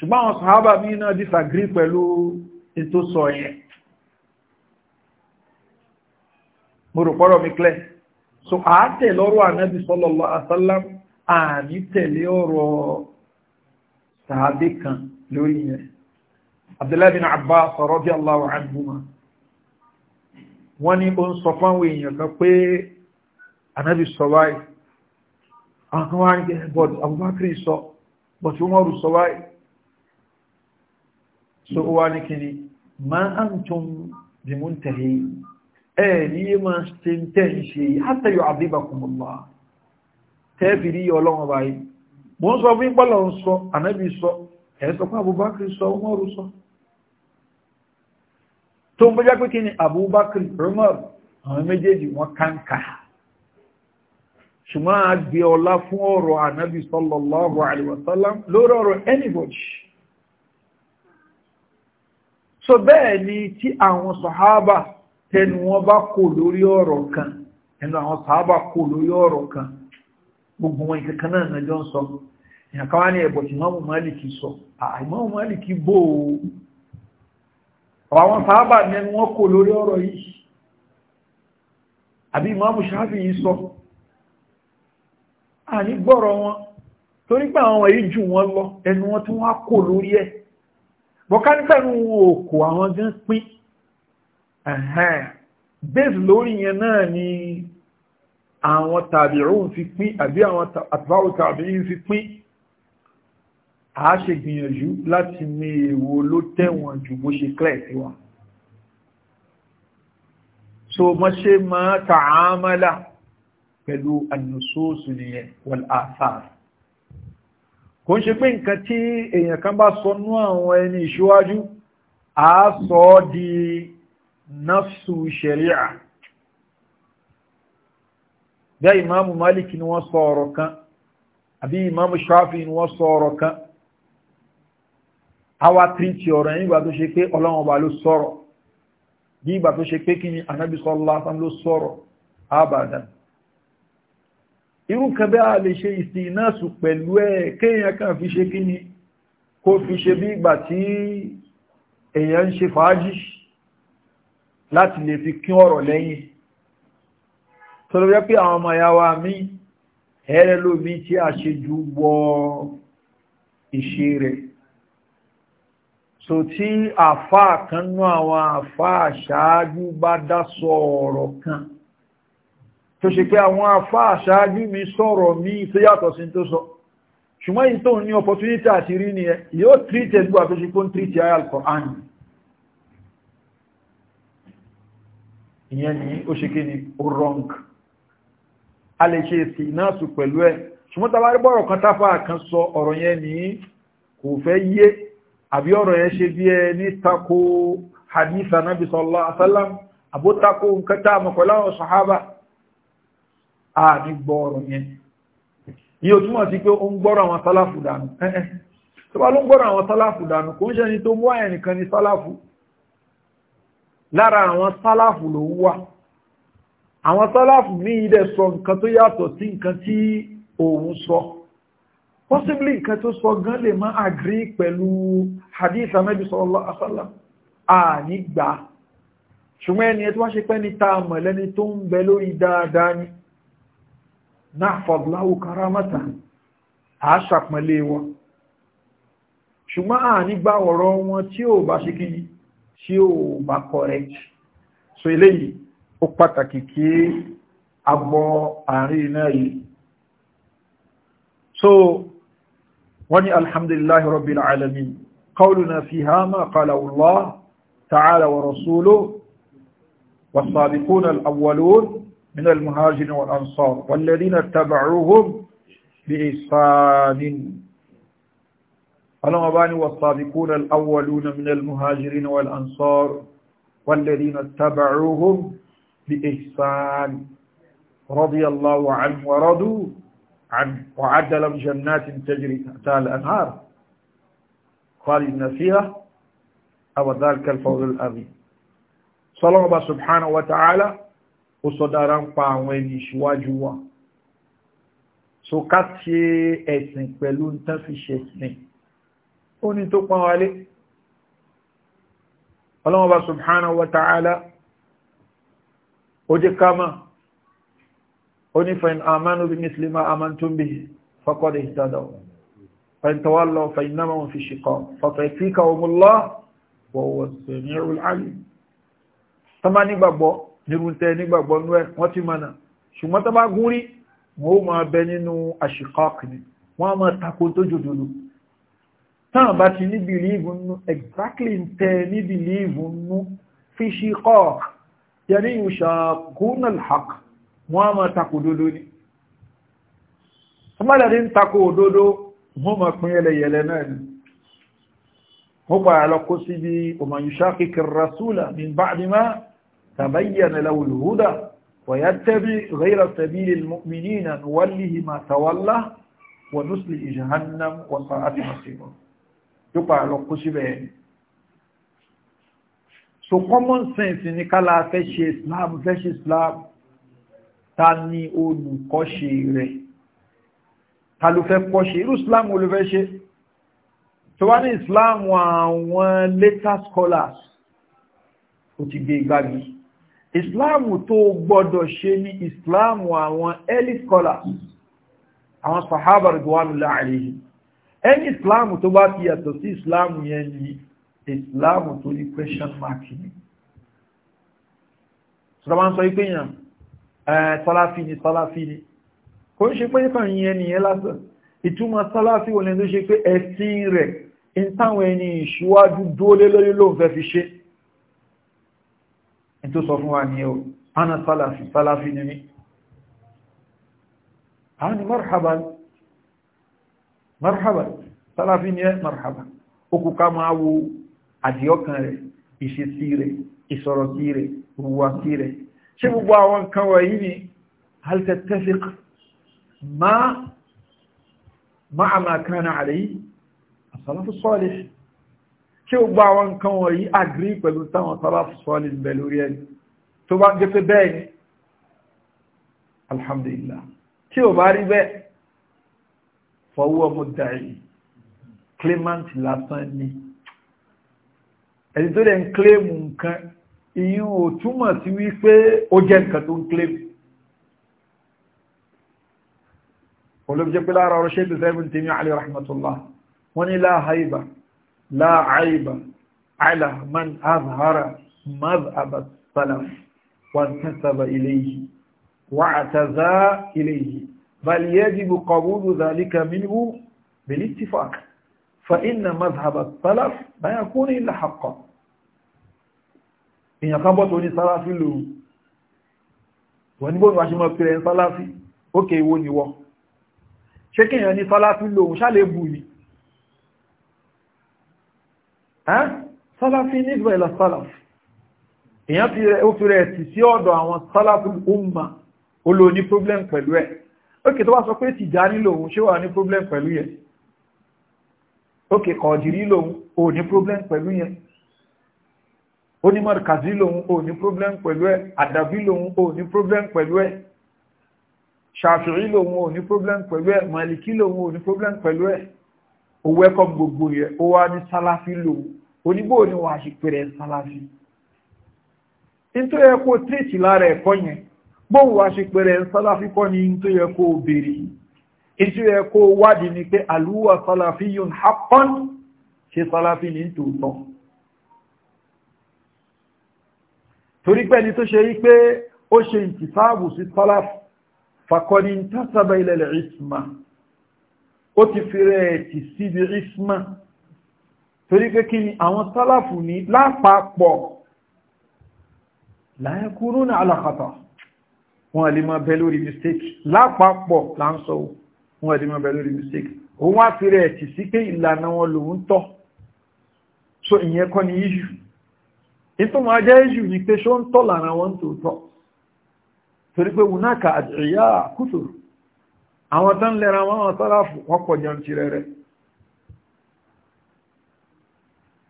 S1: ṣùgbọ́n àwọn sàhábà mí náà disagree pẹ̀lú ètò sọ yẹn mo rò pọ́rọ̀ mi clear so àátẹ̀ lọ́rọ̀ ànábì sallallahu alaihi wasallam àní tẹ̀lé ọ̀rọ̀ sàábé kan lórí yẹn Abdullahi bin Abbas radiyallahu anhuma wọ́n ní ó ń sọ fáwọn èèyàn kan pé ànábì sọ àwọn kan wá ń Abubakar sọ bọ́ọ̀dù Umaru sọ báyìí so ó wá ní kí ni ma antum bi muntahi ẹ̀ ní yé máa ṣe ń tẹ́ ń ṣe hatta yu'adhibakumullah tẹ́ẹ̀fìrí ọlọ́run báyìí mo ń sọ fún ìpọ́lọ̀ ń sọ ànábì sọ ẹ̀ sọ fún Abubakar sọ Umaru sọ tó ń bọ́já pé Abubakar Umar àwọn méjèèjì wọn kánká ṣùgbọ́n a gbé ọlá fún ọ̀rọ̀ ànábì sallallahu alaihi wasallam lórí ọ̀rọ̀ anybody so bẹ́ẹ̀ ni tí àwọn sàhábà tẹnu wọn bá kò lórí ọ̀rọ̀ kan ẹnu àwọn sàhábà kò lórí ọ̀rọ̀ kan gbogbo wọn ìkankan náà nàjọ ń sọ ìyàn kan wá ní ẹ̀bọ̀ tí mọ́mù máàlìkì sọ àìmọ́mù máàlìkì bò ó àwọn sàhábà nẹnu wọn kò lórí ọ̀rọ̀ yìí àbí ìmọ̀mù ṣáfì yìí sọ àní gbọ́rọ̀ wọn torí pé àwọn èyí jù wọn lọ ẹnu wọn tí wọ́n kò lórí ẹ̀ bọ́káníkà ń wo òkò àwọn gan pín bẹ́ẹ̀sì lórí yẹn náà ni àwọn tàbíùn fi pín àbí àwọn àtìbáwò tàbíùn fi pín a ṣe gbìyànjú láti ní èwo ló tẹ̀wọ̀n jù bó ṣe clear sí wọn so mọ́ ṣe máa tààmàlà pẹ̀lú ànùsóòsù nìyẹn wal athar kò ń ṣe pé nǹkan tí èèyàn kan bá sọ nú àwọn ẹni ìṣíwájú a sọ ọ́ di nafsu sharia bẹ́ẹ̀ ìmáàmù Malik ni wọ́n sọ ọ̀rọ̀ kan àbí ìmáàmù Shafi ni wọ́n sọ ọ̀rọ̀ kan àwa tírìtì ọ̀rọ̀ yẹn nígbà tó ṣe pé ọlọ́run ọba ló sọ̀rọ̀ bí ìgbà tó ṣe pé kí ni Ànábì ló sọ̀rọ̀ abadan irú kan bẹ́ a lè ṣe ìsìn náà sù pẹ̀lú ẹ̀ kéèyàn kan fi ṣe kíni kó fi ṣe bí ìgbà tí èèyàn ń ṣe fàájì láti lè fi kí ọ̀rọ̀ lẹ́yìn tó lọ jẹ́ pé àwọn ọmọ ìyá wa mí ẹ̀rẹ́ lómi tí a ṣe ju wọ ìṣe rẹ̀ so tí àfáà kan nú àwọn àfáà ṣáájú bá dá sọ ọ̀rọ̀ kan tó ṣe pé àwọn afá àṣáájú mi sọ̀rọ̀ mi tó yàtọ̀ sí tó sọ ṣùgbọ́n yìí tó ní opportunity àti rí ni ẹ yóò treat ẹ̀ gbà tó ṣe ń treat ayé al-Qur'an ìyẹn ni ó ṣe kí ni ó wrong a lè ṣe èsì náà sùn pẹ̀lú ẹ̀ ṣùgbọ́n tàbá rí bọ́rọ̀ kan táfà kan sọ ọ̀rọ̀ yẹn ní kò fẹ́ yé àbí ọ̀rọ̀ yẹn ṣe bí ẹ ní tako hadith anabi sallallahu alaihi wasallam àbótakò nǹkan tá a mọ̀ pẹ̀lú ààbí gbọ́ọ̀rọ̀ yẹn yíò túnmọ̀ sí pé ó ń gbọ́rọ̀ àwọn sálàfù dànù ẹ́ẹ̀ eh, eh. tó bá ló ń gbọ́rọ̀ àwọn sálàfù dànù kò ń ṣe ni tó mú àyẹ̀ nìkan ni sálàfù lára àwọn sálàfù ló ń wà àwọn sálàfù ní ilẹ̀ sọ nǹkan tó yàtọ̀ sí nǹkan tí òun sọ possibly nǹkan tó sọ gan lè má agree pẹ̀lú hadith amẹ́bí sallallahu alaihi wasallam àní gbà ṣùgbọ́n ẹni ẹ tó wá ṣe pẹ́ ní ta mọ̀ lẹ́ni tó ń bẹ lórí dáadáa ni nahfaz lahu karamata àṣàpẹ̀lẹ̀ wọn ṣùgbọ́n à nígbà ọ̀rọ̀ wọn tí ó bá ṣe kí tí ó bá correct so eléyìí ó pàtàkì kí agbọ́ àárín náà yìí so wọ́n ni alhamdulillahi rabbil alamin qawluna fiha ma qala ta'ala wa rasuluhu was-sabiquna al من المهاجر والأنصار والذين اتبعوهم بإحسان الأمباني والصادقون الأولون من المهاجرين والأنصار والذين اتبعوهم بإحسان رضي الله عنه ورضوا عن وعد لهم جنات تجري تحتها الأنهار خالدنا فيها أو ذلك الفوز العظيم صلى الله سبحانه وتعالى ó sọ dára ń pa àwọn ẹni ìṣíwájú wa so ká ṣe ẹ̀sìn pẹ̀lú tán fi ṣe sìn ó ní tó pọ́n wálé ọlọ́wọ́ba subhanahu wa ta'ala ó jẹ́ ká máa oni fa in amanu bi misli ma amantum bihi faqad ihtadaw fa in fi shiqaq fa sayfikahum Allah wa huwa as-sami'ul 'alim tamani gbàgbọ́ nírúntẹ́ nígbàgbọ́ nú ẹ̀ wọ́n ti mọ̀nà ṣùgbọ́n tó bá gún rí wọ́n ó máa bẹ nínú àṣìkọ́ọ̀kì ni wọ́n á máa tako tó jòjòló táwọn bá ti ní bìlíìfù nú exactly ń tẹ ní bìlíìfù nú fi ṣìkọ́ọ̀kì yẹni ìṣàkúnà alhaq wọ́n á máa tako dodo ni ọmọdé ń tako òdodo wọ́n máa pín yẹlẹyẹlẹ náà ni wọ́n pààlọ́ kó síbi ọmọ ìṣàkíkì rasúlà ní báàdì تبين له الهدى ويتبع غير سبيل المؤمنين نوله ما تولى ونسل جهنم وساءت مصيره يقع له قشبه so common sense ni kala fẹ́ ṣe islam fẹ́ ṣe islam ta ni olùkọ́ṣe rẹ̀ ta ló fẹ́ kọ́ṣe irú islam olùfẹ́ ṣe tó wá ní islam àwọn later scholars ó ti gbé igbági ìsìláàmù tó gbọ́dọ̀ ṣe ní ìsìláàmù àwọn elite scholars àwọn sahaba ridwanullahi alayhim ẹni ìsìláàmù tó bá ti yàtọ̀ sí ìsìláàmù yẹn ni ìsìláàmù tó ní question mark ni sọ́dọ̀má ń sọ ipé yàn sàláfì ni sàláfì ni kò ń ṣe pé kàn yẹn nìyẹn lásán ìtumọ̀ sàláfì wọn ni tó ṣe pé ẹ̀sìn rẹ̀ ń ẹni ìṣíwájú dúólé lórí lóun fẹ́ fi ṣe tó sọ fún wa ní o ana sálàfí sálàfí ní ní a ní marhaba marhaba sálàfí ní ẹ marhaba okù ká máa wo àdíọ́kan rẹ̀ ìṣesí rẹ̀ ìsọ̀rọ̀ sí rẹ̀ ruwa sí rẹ̀ ṣe gbogbo àwọn nǹkan wọ̀nyí ni hal tattafiq ma ma'a ma kana alayhi as-salaf as-salih ṣé o gba àwọn nǹkan wọ̀nyí agree pẹ̀lú táwọn salafu salih bẹ̀ lórí ẹni tó bá jẹ́ pé bẹ́ẹ̀ ni alhamdulillah tí o bá rí bẹ́ẹ̀ fọwọ́ mudda'i claimant lásán ni ẹni tó dẹ̀ ń claim nǹkan ìyún ò túmọ̀ sí wípé ó jẹ́ nǹkan tó ń claim olóòjẹ́ pé ọ̀rọ̀ ṣe ìlú sẹ́yìn tèmi àlè rahmatullah wọ́n ní la haiba لا عيب على من أظهر مذهب السلف وانتسب إليه واعتزى إليه بل يجب قبول ذلك منه بالاتفاق فإن مذهب السلف لا يكون إلا حقا إن يقبطوا لصلاف اللوم ونبون واشي ما بكرين صلافي أوكي وني وو شكين يعني صلافي اللوم شالي بوني sálàfí nígbà ìlà sálàfí èyàn fi ó fi rẹ̀ tì sí ọ̀dọ̀ àwọn sálàfí umma ó lò ní problem pẹ̀lú ẹ̀ ókè tó wá sọ pé Tìjàní lòun ṣé wà ní problem pẹ̀lú yẹn ókè Kọ̀dìrí lòun ò ní problem pẹ̀lú yẹn onímọ̀ kàzí lòun ò ní problem pẹ̀lú ẹ̀ àdàbí lòun ò ní problem pẹ̀lú ẹ̀ ṣàfihì lòun ò ní problem pẹ̀lú ẹ̀ màlìkí lòun ò ní problem pẹ̀lú ẹ̀ ó wẹ́kọ̀m gbogbo yẹn ó wá ní sálàfí lòun onígbò ni wàá ṣe pèrè sálàfí nítorí ẹ̀kọ́ tírìtì lára ẹ̀kọ́ yẹn bóun wàá ṣe pèrè sálàfí kọ́ ni nítorí ẹ̀kọ́ òbèrè nítorí ẹ̀kọ́ wádìí ni pé àlùwà sálàfí yun hapọ́n ṣe sálàfí ní tòótọ́ torí pé ẹni tó ṣe rí pé ó ṣe ìtìsáàbù sí sálàfí fakọ́ni ń tásábà ilẹ̀ ìsìnmá ó ti fi rẹ̀ ti síbi isma torí pé kí ni àwọn sálàfù ní lápapọ̀ láyẹkúrú ní alákàtà wọn lè máa bẹ lórí mistake lápapọ̀ là ń sọ wọn lè máa bẹ lórí mistake òun wá fi rẹ̀ sí pé ìlànà wọn lòun tọ́ so ìyẹn kọ́ ni yíṣù ìtumọ̀ ajá yíṣù ni pé ṣó ń tọ́ lànà wọn tòótọ́ torí pé wùnáka àdìyà kúsòrò àwọn tán lẹ́ra wọn àwọn sàláfù wọ́n pọ̀ jẹun ti rẹ̀ rẹ̀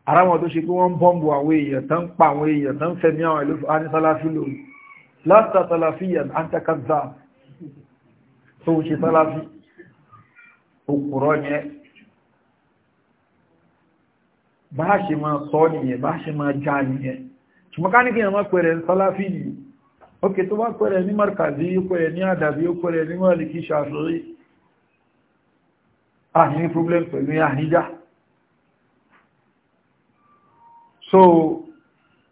S1: ara wọn tó ṣe pé wọ́n bọ́m̀bù àwọn èèyàn tán pa àwọn èèyàn tán fẹ̀mí àwọn ìlú àní sàláfì lórí láta sàláfì yẹn àtàkàzà tó ṣe sàláfì òkúrọ̀ yẹn bá ṣe máa sọ nìyẹn bá ṣe máa já nìyẹn ṣùgbọ́n ká ní kí ókè tó bá pẹ̀rẹ̀ ní markazi ó pẹ̀rẹ̀ ní àdàbí ó pẹ̀rẹ̀ ní mọ́lìkì ṣàṣọ́rí àní problem pẹ̀lú àhíjá so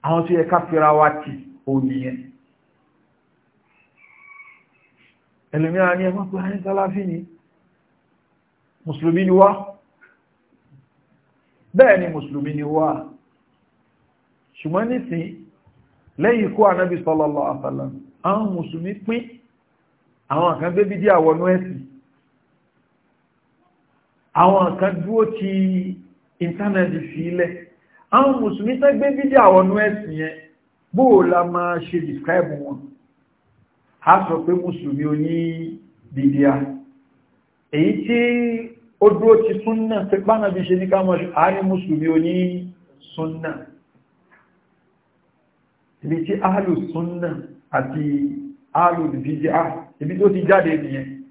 S1: àwọn tí ẹka fira wá ti òníyẹn ẹlòmíràn ní ẹmọ́ pé àní sálàfí ni mùsùlùmí ni wá bẹ́ẹ̀ ni mùsùlùmí ni wá ṣùgbọ́n nísìnyí lẹ́yìn ikú ànábì sallallahu alaihi wasallam àwọn mùsùlùmí pín àwọn kan bébí dí àwọnú ẹ̀sì àwọn kan dúó ti ìntánẹ̀tì fi ilẹ̀ àwọn mùsùlùmí tẹ́ gbébí dí àwọnú ẹ̀sì yẹn bóò la máa ṣe describe wọn a sọ pé mùsùlùmí oní bìdíà èyí tí ó dúó ti súnnà pípánàbí ṣe ní ká mọ́ ṣe àárín mùsùlùmí oní súnnà ibi tí áàlù súnnà àti áàlù bídí á ibi tó ti jáde nìyẹn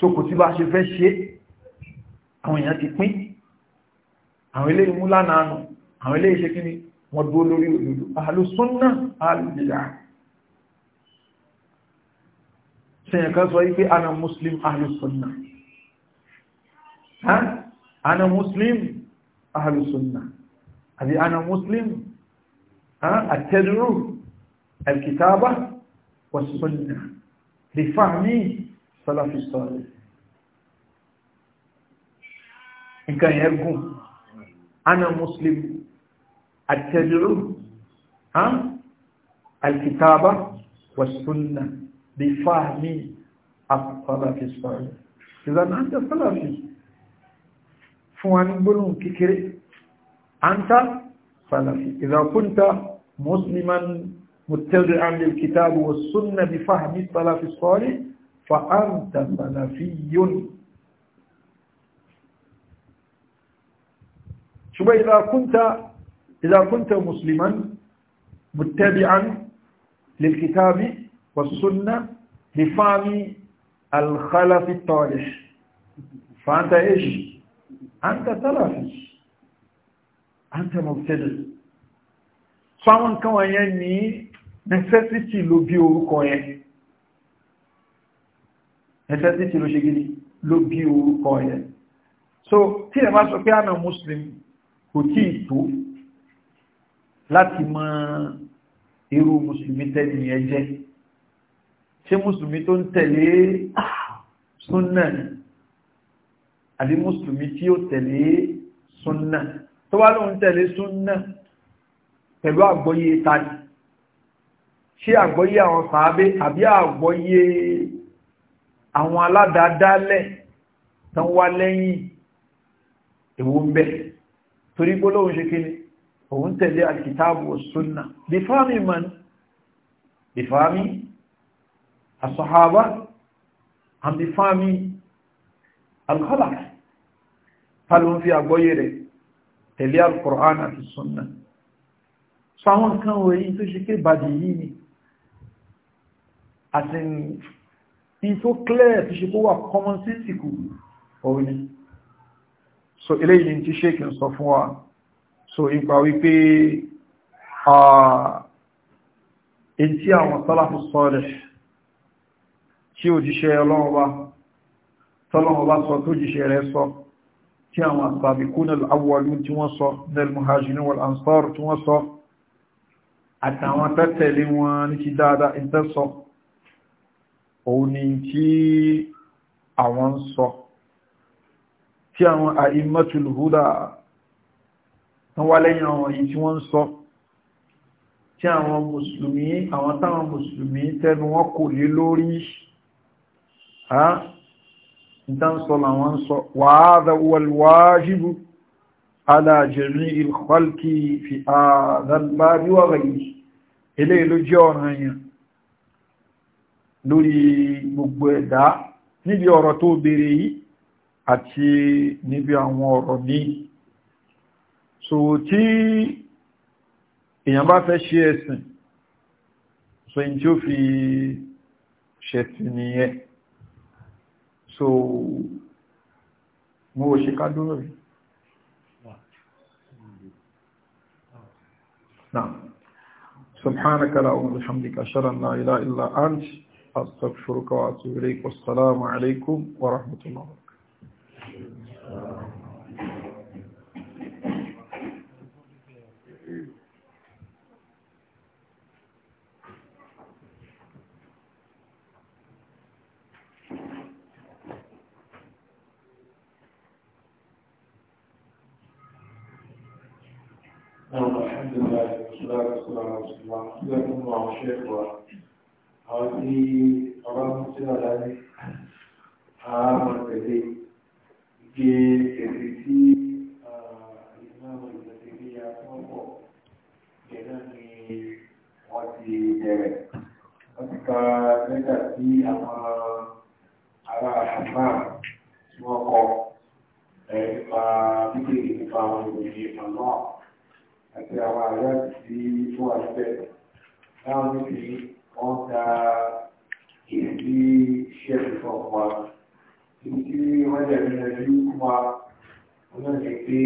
S1: so kò tí bá ṣe fẹ́ ṣe àwọn èèyàn ti pín àwọn ilé imú lánàá nù àwọn ilé iṣẹ́ kíní wọ́n dúró lórí òdòdó áàlù súnnà ana muslim áàlù àbí ana muslim التدعو الكتابة والسنة لفهم سلف الصالح إن كان يرجو أنا مسلم التدعو الكتابة والسنة بفهم السلف الصالح إذا أنت سلفي فوان بلون كيكري أنت سلفي إذا كنت مسلما متبعا للكتاب والسنة بفهم السلف الصالح فأنت سلفي شوف إذا كنت إذا كنت مسلما متبعا للكتاب والسنة بفهم الخلف الطالح فأنت إيش؟ أنت سلفي أنت مبتدئ fáwọn nǹkan wọ̀nyẹn ní necessity ló bí orúkọ yẹn necessity ló ṣe gidi ló bí orúkọ yẹn so tí ẹ bá sọ pé àna muslim kò tí ì tó láti mọ irú mùsùlùmí tẹ́lẹ̀ yẹn jẹ́ ṣé mùsùlùmí tó ń tẹ̀lé súnnà ni àbí mùsùlùmí tí ó tẹ̀lé súnnà tó wá lóun tẹ̀lé súnnà pẹ̀lú àgbọ́yé tani ṣé àgbọ́yé àwọn sàábé àbí àgbọ́yé àwọn aládàádálẹ̀ tán wá lẹ́yìn èwo ń bẹ torí gbólóhùn ṣe kí ni òun tẹ̀lé alkitabu sunna bí man bí fáàmì asọ̀hábá àbí alkhalaf tàbí fi àgbọ́yé rẹ̀ tẹ̀lé alkùránà àti sunna so àwọn nǹkan wọ̀nyí tó ṣe pé bàdì yìí ni àti ní tó clear tó ṣe kó wà common sense kù òun ni so eléyìí ni ti ṣe kí n sọ fún wa so ipa wípé èyí tí àwọn sálàfù sọ́ọ̀lẹ̀ tí òjíṣẹ́ ọlọ́run wa tọ́lọ́run sọ tó jíṣẹ́ rẹ̀ sọ tí àwọn àsàbìkún al-awwalun tí wọ́n sọ nel muhajirin wal ansar tí wọ́n sọ àtàwọn tẹ́tẹ̀lé wọn ní ti dáadáa ìtẹ́sọ òun ni tí àwọn ń sọ tí àwọn àìmọ́tul huda tán wá lẹ́yìn àwọn èyí tí wọ́n ń sọ tí àwọn mùsùlùmí àwọn táwọn mùsùlùmí tẹnu wọn kò lé lórí ìtàn sọ làwọn ń sọ wàá dáwọlwájìbù على جميع الخلق في هذا الباب وغيره إليه لجون هيا لوري مبدا نبي أورتو بري أتي نبي أمورني so tí èyàn bá fẹ́ ṣe ẹ̀sìn so in tí ó fi ṣẹ̀tì nìyẹn so mo ò ṣe ká dúró rí نعم سبحانك لا أعلم بحمدك اشهد ان لا اله الا انت استغفرك واتوب اليك والسلام عليكم ورحمه الله
S2: وبركاته الحمد لله والصلاة والسلام على رسول الله لكم مع الشيخ وهذه أمام سنة لدي عام الكثير في كثير الإمام الكثير يعتبر لأنني وفي ذلك أتكلم في أمام bẹ̀rẹ̀ táwọn níbi wọ́n ta ìdí iṣẹ́ ìfọ̀ wa ibi tí wọ́n jẹ́ ìrìnàjò fún wa wọ́n náà ní pé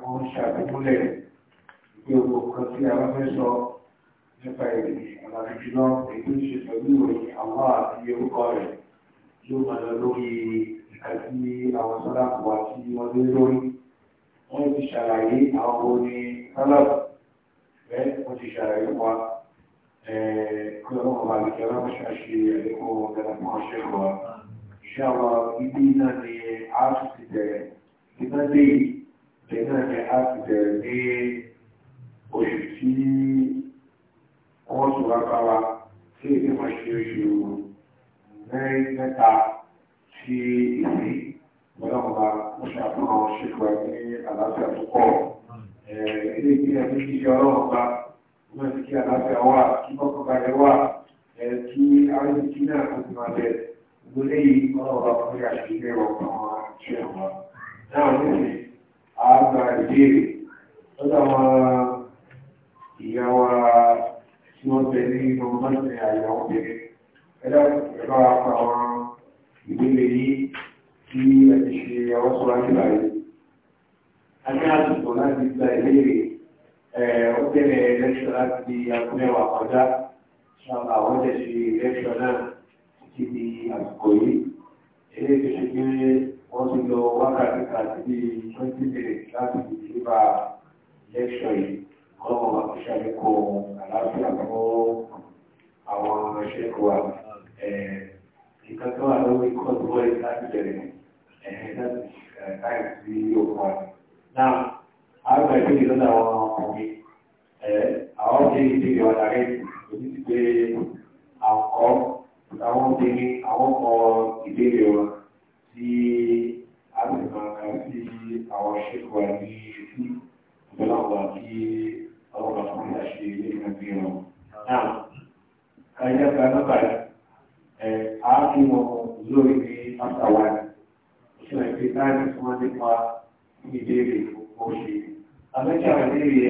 S2: wọ́n ṣàgbémúlẹ̀ pé gbogbo nǹkan tí a bá fẹ́ sọ nípa ìrìn àlàyé jùlọ èyí ń ṣe pẹ̀lú ìròyìn àwọn àti orúkọ rẹ̀ yóò máa lọ lórí àti àwọn sọ́dà kọ̀wá tí wọ́n lé lórí wọ́n ti ṣàlàyé àwọn orin sálàbù mo ti ṣàlàyé wa kí ọlọ́run bá lè ọlọ́mọṣà ṣe àlékún ọ̀dẹ́lẹ́kùn ọ̀ṣẹ́ wa iṣẹ́ wa ibi náà ni a tún ti bẹ̀rẹ̀ iná dé ìgbẹ́ náà ni a ti bẹ̀rẹ̀ ní oṣù tí wọ́n tún wá bá wa tí èdè wọn ṣe oṣù mẹ́ta ilé ìgbé ẹni kí yọ ọlọ́run pa wọ́n ti kí àlàáfíà wà kí mọ́kànbalẹ̀ wà kí arìnrìnkí náà kò sì máa bẹ̀ gbogbo lẹ́yìn ọlọ́run bá fún yà sí ilé ọ̀rọ̀ kan wọn ṣe wọn. náà níbi àgbà ìbéèrè lọ́dọ̀ àwọn ìyá wa tí wọ́n bẹ ní ọmọdé àyà obìnrin ẹ̀dá ẹ̀rọ àwọn ìbéèrè yìí tí ẹ̀ṣẹ̀ ọwọ́ sọ́ra sí báyìí a ní àsìkò láti gba ìbéèrè ó tẹ̀lé lẹ́ṣọ̀ láti di akúnẹ̀wà kọjá ṣọlá àwọn tẹ̀sí lẹ́ṣọ̀ náà títí di àsìkò yìí eré tó ṣe pé wọ́n ti lọ wákàtí àti bí twenty minutes láti deliver lẹ́ṣọ̀ yìí ọlọ́run àkọsílẹ̀kọ́ àlàáfíà fún àwọn ẹ̀ṣẹ̀kọ́ wa nǹkan tó wà lórí court voice láti bẹ̀rẹ̀ ẹ̀ẹ́dẹ́gbẹ̀rẹ̀ láì sí òkú àti náà àwọn ẹgbẹ́ ìgbẹ́ lọ́dọ̀ àwọn ọkùnrin ẹ̀ àwọn obìnrin ti gbẹ̀wọ̀ dàrẹ́ òní ti gbé àkọ́ àwọn obìnrin àwọn ọkọ̀ ìbéèrè wọn tí a sì máa ka sí àwọn ṣẹ́kọ̀ọ́ ní sí ìgbọ́láwọ̀ kí ọlọ́pàá fún mi àṣe ilé ìgbàgbé wọn. náà kájá gba nọ́mbà ẹ̀ ààfin wọn lórí ní áfíà wa ìṣẹ̀lẹ̀ ìgbésẹ̀ láti fún wọn nípa ìbéèrè òṣèlú. Àmẹ́jà ìbéèrè